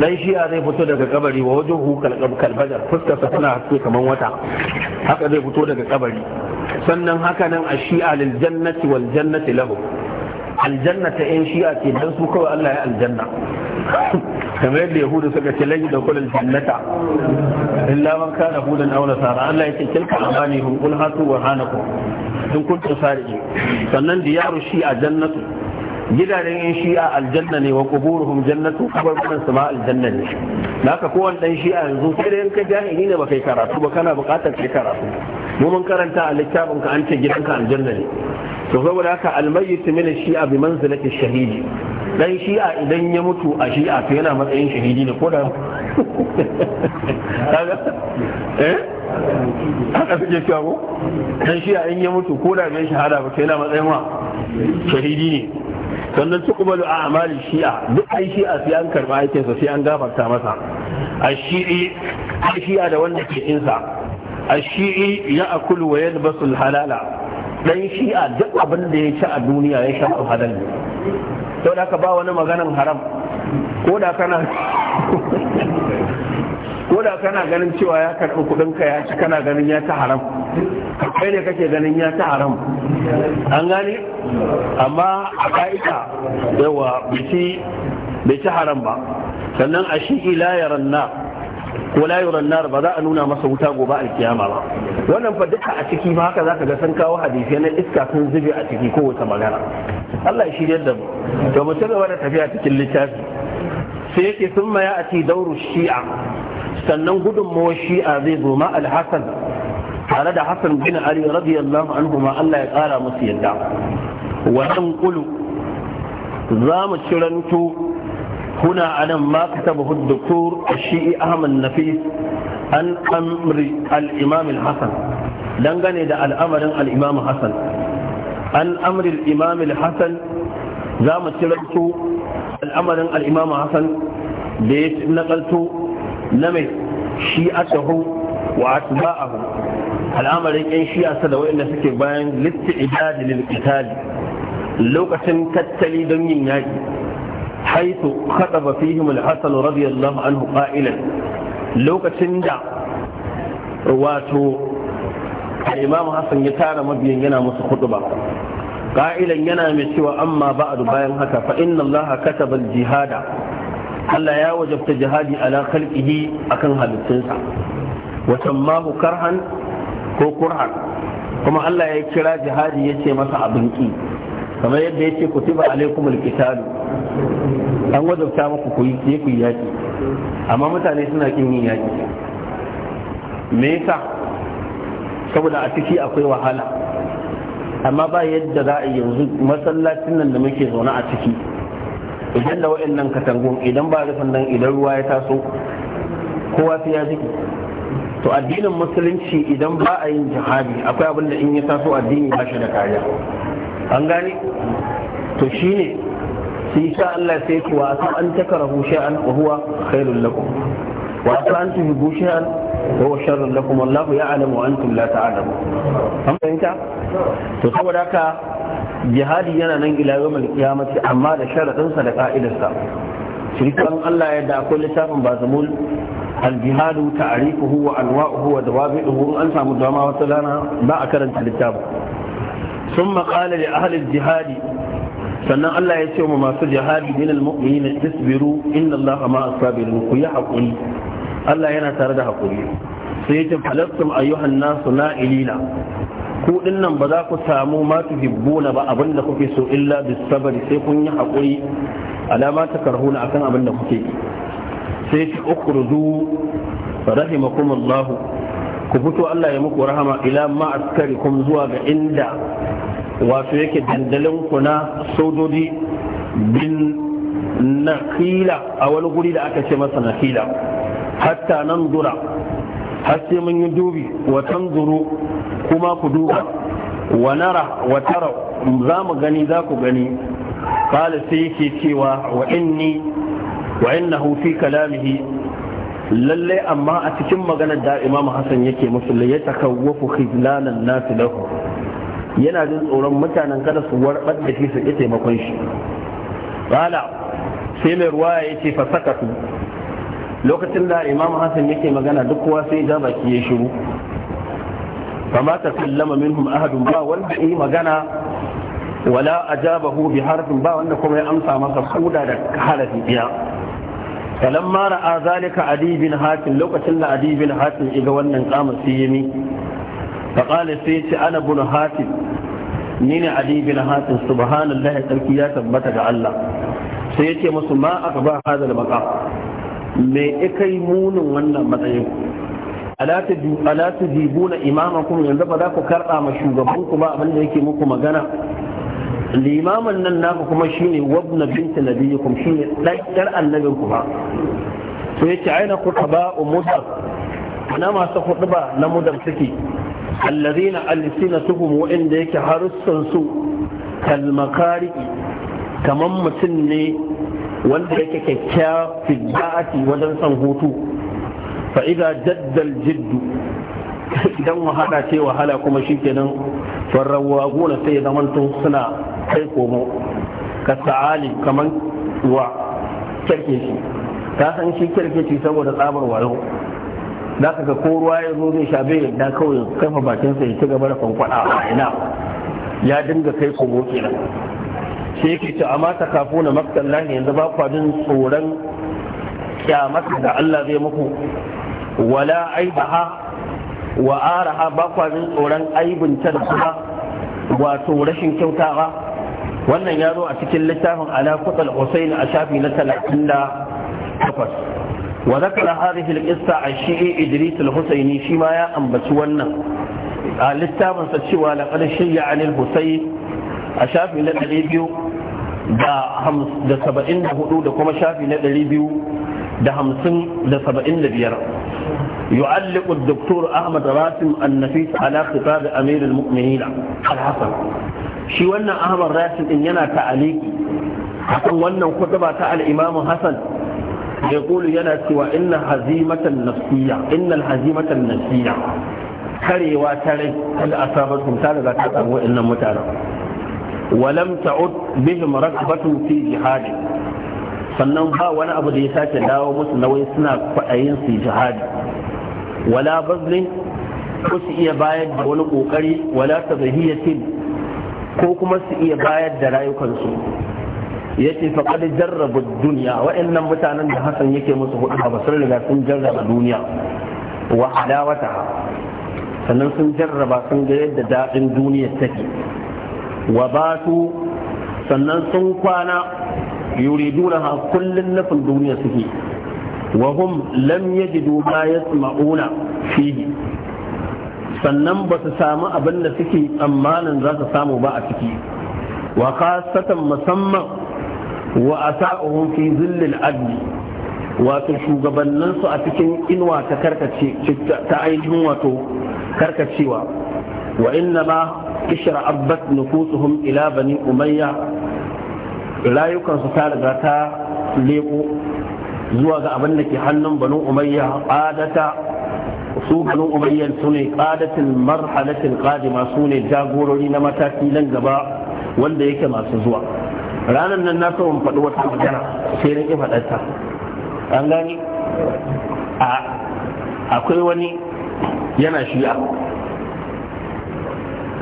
dan shiya zai fito daga kabari wa wajen hukal kalbadar fuskarsa tana haske kamar wata haka zai fito daga kabari sannan haka nan a shi'a lil jannati wal jannati lahu Aljannata ta yan shi'a ke dan su kawai Allah ya aljanna [laughs] kamar yadda yahudu suka ce da yadkhul aljannata illa man kana hudan aw nasara Allah yake tilka amanihum qul hatu wa hanakum in kuntum sari'in sannan diyaru shi'a jannatu gidajen yin shi'a aljanna ne wa kuburuhum jannatu kabarbunan su ma aljanna ne naka kowane dan shi'a yanzu sai da yanka jahili ne baka yi karatu ba kana bukatar kai karatu mu mun karanta a littafin ka an ce gidanka aljanna ne to saboda haka almayyit min shi'a bi manzilati shahidi dan shi'a idan ya mutu a shi'a to yana matsayin shahidi ne ko da [laughs] eh haka suke cewa ko dan shi'a in ya mutu ko da bai shahada ba to yana matsayin wa shahidi ne sannan tuqbalu a amalin shi'a duk ai shi'a sai an karba aikinsa sai an gafarta masa A shi'a da wanda ke insa ashi'i ya akulu wa basu halala dan shi'a duk abin da ya ci a duniya ya sha halal ne to da ka ba wani maganan haram ko da kana ko da kana ganin cewa ya karɓi kuɗin ka ya ci kana ganin ya ta haram kai ne kake ganin ya ta haram an gane amma a ka'ida yawa bai ci haram ba sannan a shi ila yaran na ko la yuran nar ba za a nuna masa wuta gobe al-kiyama ba wannan fa duka a ciki ba haka zaka ga san kawo hadisi na iska sun zube a ciki ko wata magana Allah ya shirya da mu to mu ci gaba da tafiya cikin littafi sai yake sun ma ya a ci dauru shi'a sannan gudunmawa shi'a zai zo ma alhassan tare da hassan bin ali radiyallahu anhu ma Allah ya kara musu yadda wannan kulu za mu ciranto kuna anan ma ka taba huddukur shi'i ahmad nafis an amri al-imam al dangane da al'amarin al-imam hasan an amri al-imam al za mu ciranto al'amarin al-imam hasan da ya na mai shi'atahu wa atba'ahu al'amarin yan shi'a da wainda suke bayan litta'idad lil lokacin tattali don yin yaki haitu khadaba fihim al-hasan radiyallahu anhu qa'ilan lokacin da wato al hasan ya tara mabiyan yana musu khutba cewa amma سوى أما bayan haka هكا فإن الله كتب jihada. Allah ya wajabta jihadi ala khalqihi akan halittunsa wa sammahu karhan ko kurhan kuma Allah ya kira jihadi ce masa abin ki kamar yadda yace kutiba alaikumul qitalu an wajabta muku ku yi ku yaki amma mutane suna kin yin yaki me yasa saboda a ciki akwai wahala amma ba yadda za a yanzu masallacin nan da muke zaune a ciki idan da waɗannan katangun idan ba rufin nan idan ruwa ya taso kowa sai ya jiki to addinin musulunci idan ba a yin jihadi akwai abin da in ya taso addini ba shi da kariya an gane to shine sai sha Allah sai ce wa an takarahu hushe an huwa khairul lakum wa an tuhibbu an. wa sharrun lakum wallahu ya'lamu wa antum la ta'lamu to saboda haka jihadi yana nan ila yawmal qiyamati amma da sharadin sa da ka'idarsa shirkan Allah ya da akwai littafin bazamul الجهاد تعريفه an samu dama سامو دوما وتلانا با أكرنت للتابع ثم قال لأهل الجهاد سنة الله يسيوم ما في جهاد من المؤمنين اصبروا إن الله ما أصابروا كي حقوني Allah yana tare da hakuri sai yace falastum ayyuhan nasu na'ilina ku dinnan ba za ku samu ma tuhibbuna ba abin da kuke so illa bis sai kun yi hakuri alama ta karhuna akan abin da kuke sai ki ukhruju rahimakumullah ku fito Allah ya muku rahama ila ma askarikum zuwa ga inda wato yake dandalin ku na sojoji bin nakila a wani guri da aka ce masa nakila hatta nan dura har sai mun yi dubi wa tanzuru kuma ku duba wa nara wa tara za mu gani za ku gani qala sai yake cewa wa inni wa innahu fi kalamihi lalle amma a cikin maganar da imamu hasan yake musu ya takawwafu khizlanan nasu lahu yana jin tsoron mutanen kada su warbar da shi su ki taimakon shi qala sai mai ruwaya yace fa sakatu lokacin da imam hassan yake magana duk kowa sai ja baki ya shiru fama ta kallama minhum ahadun ba wanda yi magana wala ajabahu bi harfin ba wanda kuma ya amsa masa kuda da harafi biya falamma ra'a zalika adi bin hatim lokacin da adi bin hatim iga wannan kama siyimi فقال سيتي أنا بن هاتم نين sarki ya هاتم ga Allah. Sai تبتك الله سيتي aka ba hadal المقام me ikai munin wannan matsayin ala tujibuna imamakum yanzu ba za ku karɓa ma shugaban ku ba abinda yake muku magana limamin nan naku kuma shine wabna binta nabiyikum shine dan yar annabin ku ba to yace aina kutaba umudar ana masu ba na mudar suke alladhina alsinatuhum wa inda yake harussan su kalmakari kaman mutum ne wanda yake kyakkyawa fi da'ati wajen son hutu fa idza jaddal jiddu idan wahala ce wahala kuma shikenan gona sai zamanto suna kai komo ka sa'ali kaman wa shi ka san shi shi saboda tsabar wayo da ka ga ko ruwa ya zo zai sha da kawai kafa bakinsa ya ci gaba da kwankwada a ina ya dinga kai komo kenan sai yake ce amma ta kafo na maktallahi yanzu ba kwadin tsoron kyamata da Allah zai muku wala aibaha wa araha ba kwadin tsoron aibinta da kuma wato rashin kyautawa wannan ya zo a cikin littafin ala kutsal husain a shafi na talatin da takwas wa zakara hadhihi al-qissa shii idris al-husaini shi ma ya ambaci wannan a littafinsa cewa laqad shayya anil husayn a shafi na biyu. da saba'in da hudu da kuma shafi na ɗari biyu da hamsin da saba'in da biyar Ahmad Rasim an أحمد راسم النفيس على خطاب أمير al الحسن Shi wannan Ahmad Rasim din yana ta'aliki akan wannan kutuba ta al-Imam Hassan ya kulu yana cewa inna hazimatan nafsiyya innal hazimatan nafsiyya karewa ta rai kada asabatun ta riga ta samu wa'annan mutanen walam ta'ud bihim rakbatu fi jihadi sannan ba wani abu da ya sake dawo musu na wai suna kwaɗayin su jihadi wala bazlin ko su iya bayar da wani ƙoƙari, wala tabahiyatin ko kuma su iya bayar da rayukansu yace jarraba duniya, dunya wa'annan mutanen da Hassan yake musu hudu ba sun riga sun jarraba duniya wa halawata sannan sun jarraba sun ga yadda daɗin duniya take wa batu sannan sun kwana yuriduna ha kullun duniya suke wa hum lam yajidu ma fihi sannan ba su samu abin da suke tsammanin za su samu ba a ciki wa khasatan musamman wa asa'uhum fi zillil adli wato shugabanninsu a cikin inuwa ta karkace ta ainihin wato karkacewa wa inna ishra'abbat nufusuhum ila bani umayya rayukansu ta riga ta leko zuwa ga abin da ke hannun banu umayya qadata su banu umayya sune qadatul marhalatul qadima ne jagorori na mataki nan gaba wanda yake masu zuwa ranar nan na kawon faɗi wata magana sai na ƙi faɗarta an gani akwai wani yana shi'a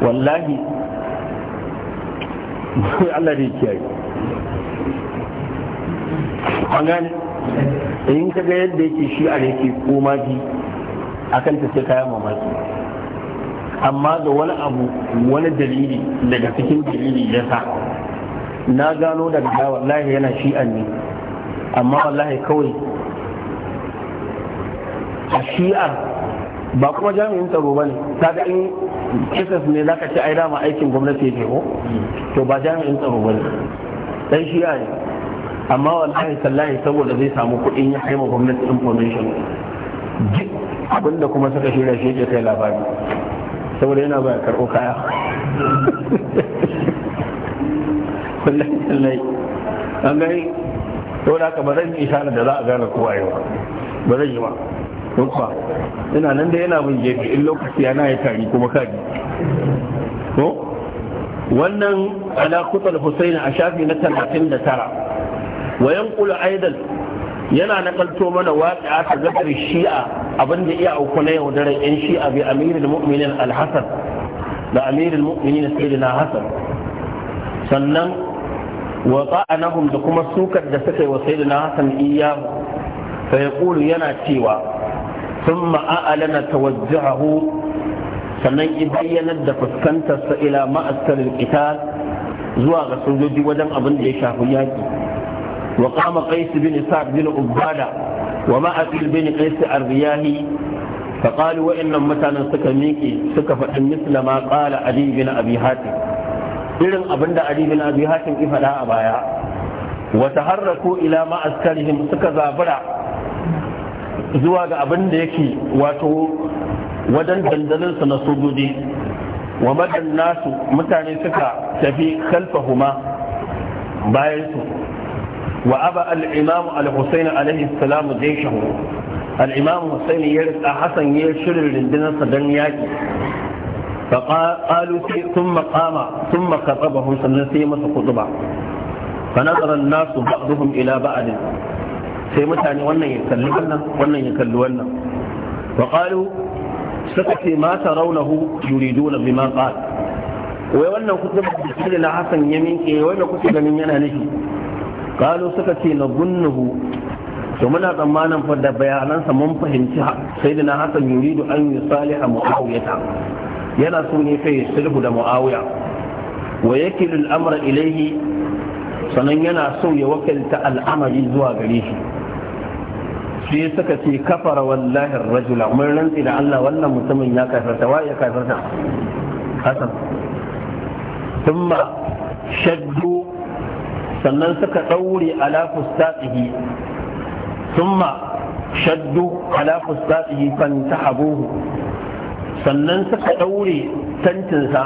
wallahi Allah da kiyaye A gane in ka ga yadda yake shi a yake koma ji akan ta sai kaya mamaki amma ga wani abu wani dalili daga cikin dalili ya sa na gano daga da wallahi yana shi'an ne amma wallahi kawai a shi'ar ba kuma jami'in tsaro ba ne ta ga in kisas ne zaka ce ai dama aikin gwamnati yake ko to ba jami'in tsaro bane dan shi ne amma wallahi sallahi saboda zai samu kuɗin ya haima gwamnati information abinda kuma suka shirya shi ke kai labari saboda yana ba karɓo kaya wallahi sallahi an gani saboda haka ba zan yi isharar da za a gane kowa yau ba zan yi ba don ina nan da yana bin gefe in lokaci yana ya tari kuma kaji ko wannan ala kutsal husaini a shafi na tara wayan kula aidan yana nakalto mana waƙi'a ta gadar shi'a abinda iya auku na yaudarar 'yan shi'a bi amirin mu'minin alhassan da amirul mu'minin sayyidina hassan sannan waƙa'anahum da kuma sukar da suka yi wa sayyidina hassan iya fa yaqulu yana cewa ثم أعلن توجهه sannan in bayyanar da fuskantarsa ila ma'askarin qital zuwa ga sojoji wajen abin da ya shafi yaki wa kama qais bin sa'd bin ubada wa ma'aqil bin qais ar-riyahi fa qalu wa innam mutanen suka miƙe suka faɗi misla ma qala ali bin abi hatim irin abin da ali bin abi hatim ya faɗa a baya wa taharraku ila ma'askarihim suka zabura zuwa ga abin da yake wato wajen dandalinsa na sojoji wa madan nasu mutane suka tafi kalfahuma huma bayansu. wa aba al al-husayn alaihi salam jayshahu al-imam ya rika hasan ya shirin rindinarsa dan yaki فقالوا ثم قام ثم خطبهم سنسي nasu ba'a فنظر الناس ba الى بعض sai mutane wannan ya kalli wannan wannan ya kalli wannan wa qalu suka ce ma tarawnahu yuriduna bima qala wai wannan kutuba da shi na hasan ya minke wai da kuke ganin yana nufi qalu suka ce na gunnuhu to muna tsammanin fa da bayanansa mun fahimci sayyidina hasan yuridu an yusaliha muawiyata yana so ne kai sulhu da muawiya wa yakilu al-amra ilayhi sanan yana so ya wakilta al'amari zuwa gare shi sai suka ce kafara wallahi rajula mun rantsi da Allah wannan mutumin ya kafarta wa ya kafarta hasan thumma shaddu sannan suka daure ala fustatihi thumma shaddu ala fustatihi fantahabuhu sannan suka daure tantinsa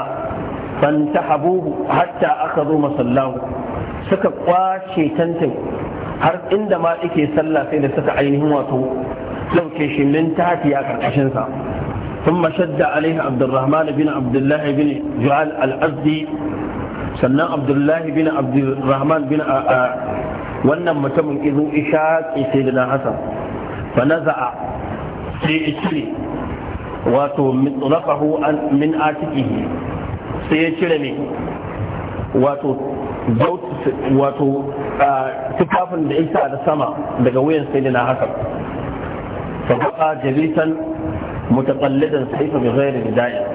fantahabuhu hatta akhadhu masallahu suka kwashe tantin har inda ma yake sallah sai da suka ainihin wato ɗauke shi min tahti ya karkashin sa ثم شد عليه عبد الرحمن بن عبد الله بن جعل الأزدي سنة عبد الله بن عبد الرحمن بن wannan mutumin izo isha sai da hasan fa naza'a sai cire wato mitlafahu min atikihi sai ya cire ne wato wato tufafin da isa da sama daga wuyan sai da na sayyidina hasan فبقى جليسا متقلدا سيفا da بداية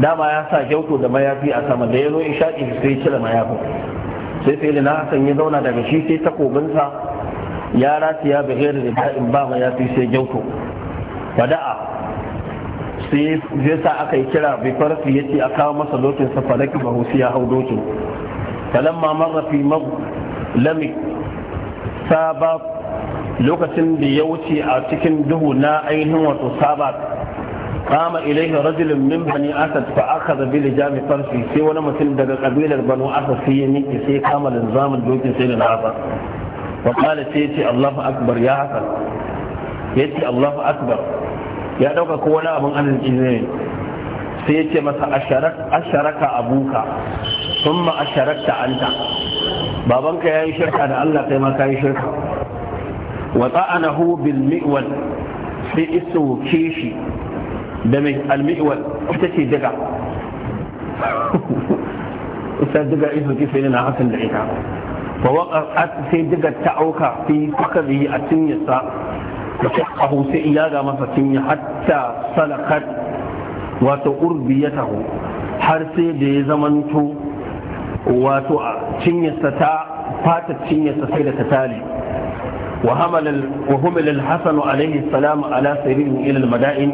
dama ya sa gyauto da mayafi a sama da ya zo ishaƙi sai cire mayafi sai sai da na hasan ya zauna daga shi sai takobinsa ya ratiya da gairar rida'in ba mayafi sai gyauto fada'a sai zai sa aka yi kira bai farfi ya ce a kawo masa dokin sa falaki ba ya hau dokin falamma marra fi maghlami sabab lokacin da ya wuce a cikin duhu na ainihin wato sabab kama ilaihi rajulun min bani asad fa akhadha bi lijami farsi sai wani mutum daga kabilar banu asad sai ya miƙe sai kama linzamin dokin sai na hasan ce ce Allahu ya dauka ko abin arziki ne sai ce masa asharaka ثم أشركت أنت بابنك يا شركة الله كما كان شركة وطعنه بالمئول في اسو كيشي دمي المئول تتي دقع [laughs] استاذ دقع اسو كيشي لنا حسن دقيقة فوقعت في دقع تعوكا في فقده التنيسة وشقه سئياغا مفتنية حتى سلقت وتقربيته har sai da ya zamanto wato cinyarsa ta fatar cinyarsa sai da ta tali وهمل alaihi salam السلام على سرير إلى المدائن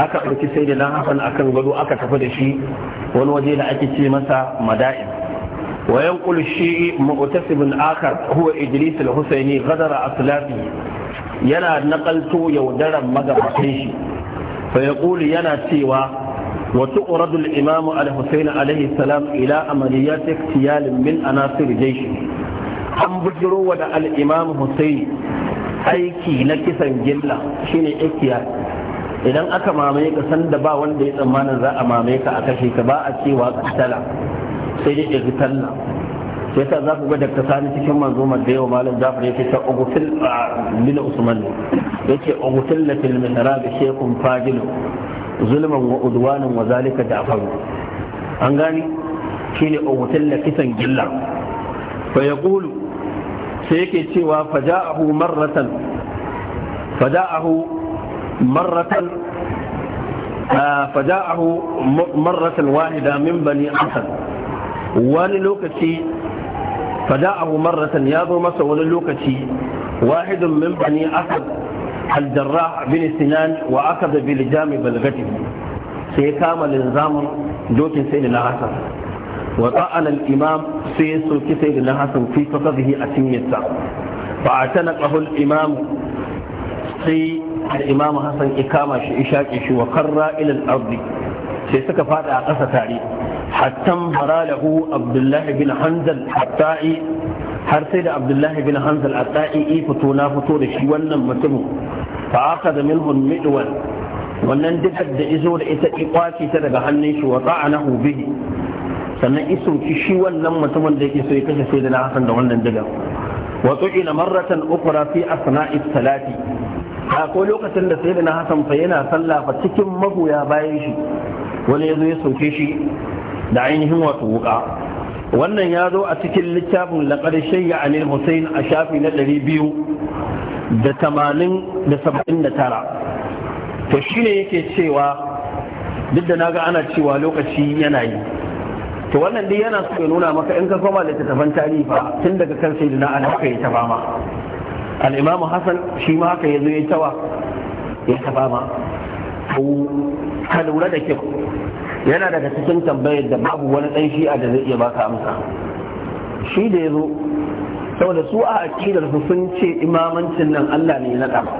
aka ɗauki sai da hasan akan gado aka tafi da shi wani waje da ake ce masa mada'in wa yanqul shi mu'tasibun akar huwa idris al-husaini ghadara aslafi yana nakalto yaudaran magabatan shi fa yaqulu yana cewa وتؤرد الإمام الحسين عليه السلام إلى عمليات اغتيال من عناصر جيشه an bujiro wa da al'imam Hussein aiki na kisan gilla shine ikiya idan aka mamaye ka san ba wanda ya tsammanin za a mamaye ka a kashe ka ba a cewa katala sai dai igtalla sai ta za ku ga dakta sani cikin manzumar da yawa malam jafar yake ta ugutil bin usman yake ugutil la fil mihrab shaykhun fajilu zulman wa udwanan wa zalika da faru an gani shine ubutalla kisan gilla fa yaqulu sai yake cewa faja'ahu marratan faja'ahu marratan faja'ahu marratan wahida min bani asad wani lokaci faja'ahu marratan ya zo masa wani lokaci wahidun min bani asad الجراح بن سنان وأخذ بلجام بلغته سيكام لنظام دوت سيدنا حسن وطعن الإمام سيسو سيدنا حسن في فقده أسميته فاعتنقه الإمام سي الإمام حسن إقامة إشاكش وقر إلى الأرض سيسك فاتح قصة تاريخ حتى انهرى له عبد الله بن حنزل حتى har sai da abdullahi bin hanzal a tsa'i fito na fito da shi wannan mutumin fa aka da milhun midwan wannan dukkan da izo da ita ikwaci ta daga hannun shi wa ta'anahu bihi sannan isoki shi wannan mutumin da yake so ya kashe sai da na hasan da wannan digan wa tu'ina marratan ukra fi asna'i salati ko lokacin da sayyidina hasan fa yana sallah fa cikin magoya bayan shi wani yazo ya sauke shi da ainihin wato wuka wannan ya zo a cikin littafin laƙar shayya a hussein a shafi na 279 to shine yake cewa duk da naga ana cewa lokaci yana yi to wannan dai yana so ya nuna maka in ka koma littattafan tarifa tun daga kan sai na an haka ya ta ma al Hassan shi ma haka ya zo ya tawa ya ta fama ka lura da kyau yana daga cikin tambayar da babu wani ɗan shi'a da zai iya baka amsa shi da ya zo saboda su a aƙidar su sun ce imamancin nan Allah ne na ɗaba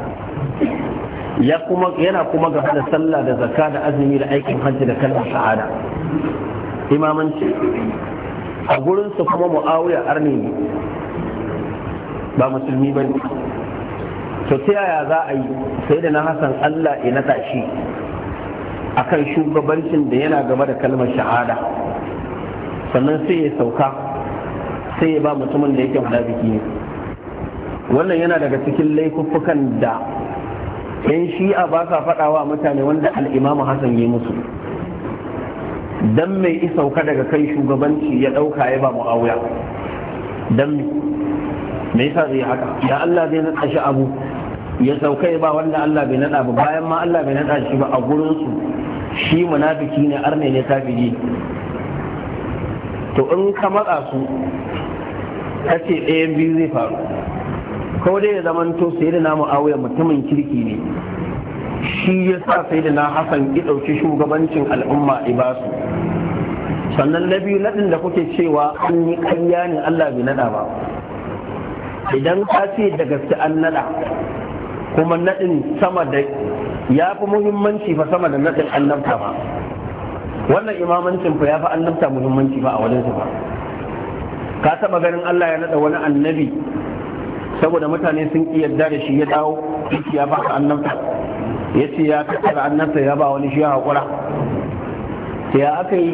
ya kuma yana kuma ga da sallah da zakka da azumi da aikin hajji da kalmar shahada imamanci a gurin su kuma mu'awiya arni ne ba musulmi ba ne to ta yaya za a yi sai da na hasan Allah ya naɗa shi akan shugabancin da yana game da kalmar shahada sannan sai ya sauka sai ya ba mutumin da yake biki ne wannan yana daga cikin laifuffukan da yan shi'a ba sa faɗawa mutane wanda al'imamu hassan ya musu dan mai isauka daga kai shugabanci ya ɗauka ya ba mu'awiya dan mai sa zai haka ya Allah zai nada shi abu ya sauka ya ba wanda Allah bai nada ba bayan ma Allah bai nada shi ba a gurin su shi munafiki ne arne ne kafiri to in ka matsa su ka ce ɗayan biyu zai faru ko dai ya zaman to sai da namu awuya mutumin kirki ne shi ya sa sai da na hasan ki ɗauki shugabancin al'umma ibasu sannan na biyu naɗin da kuke cewa an yi ƙarya ne allah bai naɗa ba idan ka ce da gaske an naɗa kuma naɗin sama da ya fi muhimmanci fa sama da nasin annabta ba wannan imamancin fa ya fi annabta muhimmanci ba a wajen su ba ka taba ganin Allah ya nada wani annabi saboda mutane sun ki yarda da shi ya dawo ya ba ka annabta ya ce ya tattara annabta ya ba wani shi ya haƙura ya aka yi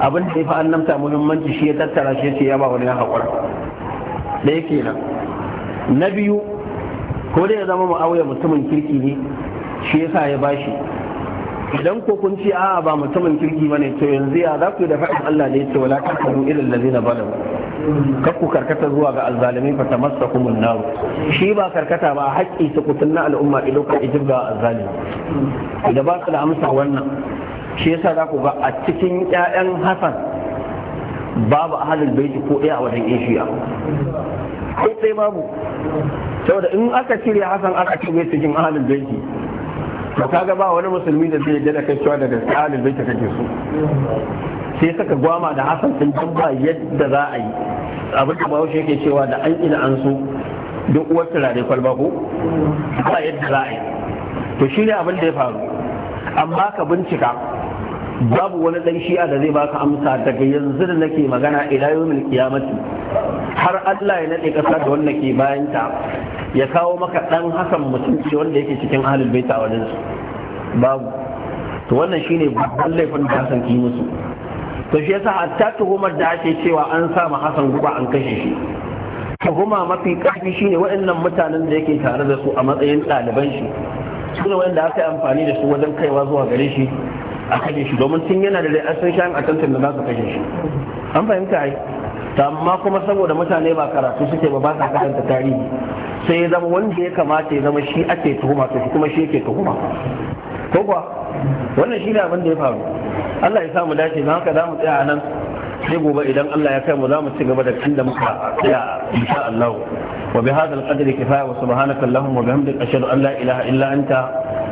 abin da ya fi annabta muhimmanci shi ya tattara shi ya ce ya ba wani ya haƙura ɗaya kenan na biyu ko dai ya zama mu'awiya mutumin kirki ne shi yasa ya bashi idan ko kun ce a'a ba mutumin kirki ne to yanzu ya za ku da fa'in Allah da yace wala irin ila na balaw kar ku karkata zuwa ga alzalimi fa tamassakum kumun naru shi ba karkata ba haƙƙi su na al'umma idan ku ga alzalimi idan ba su da amsa wannan shi yasa za ku ga a cikin 'ya'yan Hassan babu ahlul baiti ko ɗaya a wajen Asia ko ɗaya babu saboda in aka cire Hassan aka cire su jin ahlul baiti to ta ba wani musulmi da zai yadda da kai cewa daga tsalin bai kake so sai saka gwama da hasan sun dan ba yadda za a yi abin da ba yake cewa da an ina an so duk uwar turare kwalba ko ba yadda za a yi to shine abin da ya faru amma ka bincika babu wani dan shi'a da zai baka amsa daga yanzu da nake magana ila yawmil kiyamati har Allah ya nade kasa da wanda ke bayan ta ya kawo maka dan hasan mutum ce wanda yake cikin ahlul baita a wajen babu to wannan shine babban laifin da Hassan ki musu to shi yasa hatta tuhumar da ake cewa an sa ma Hassan guba an kashe shi tuhuma mafi karfi shine waɗannan mutanen da yake tare da su a matsayin ɗaliban shi su ne wanda aka yi amfani da su wajen kaiwa zuwa gare shi a kashe shi domin tun yana da an san shayin atantin da za su kashe shi an fahimta ai amma kuma saboda mutane ba karatu suke ba ba sa karanta tarihi sai ya zama wanda ya kamata ya zama shi ake tuhuma to kuma shi yake tuhuma ko kuwa wannan shi ne abin da ya faru Allah ya samu dace don haka za mu tsaya nan sai gobe idan Allah ya kai mu za mu ci gaba da cin da muka tsaya insha Allah wa bi hadha al-qadri kifaya wa subhanaka allahumma wa bihamdika ashhadu an la ilaha illa anta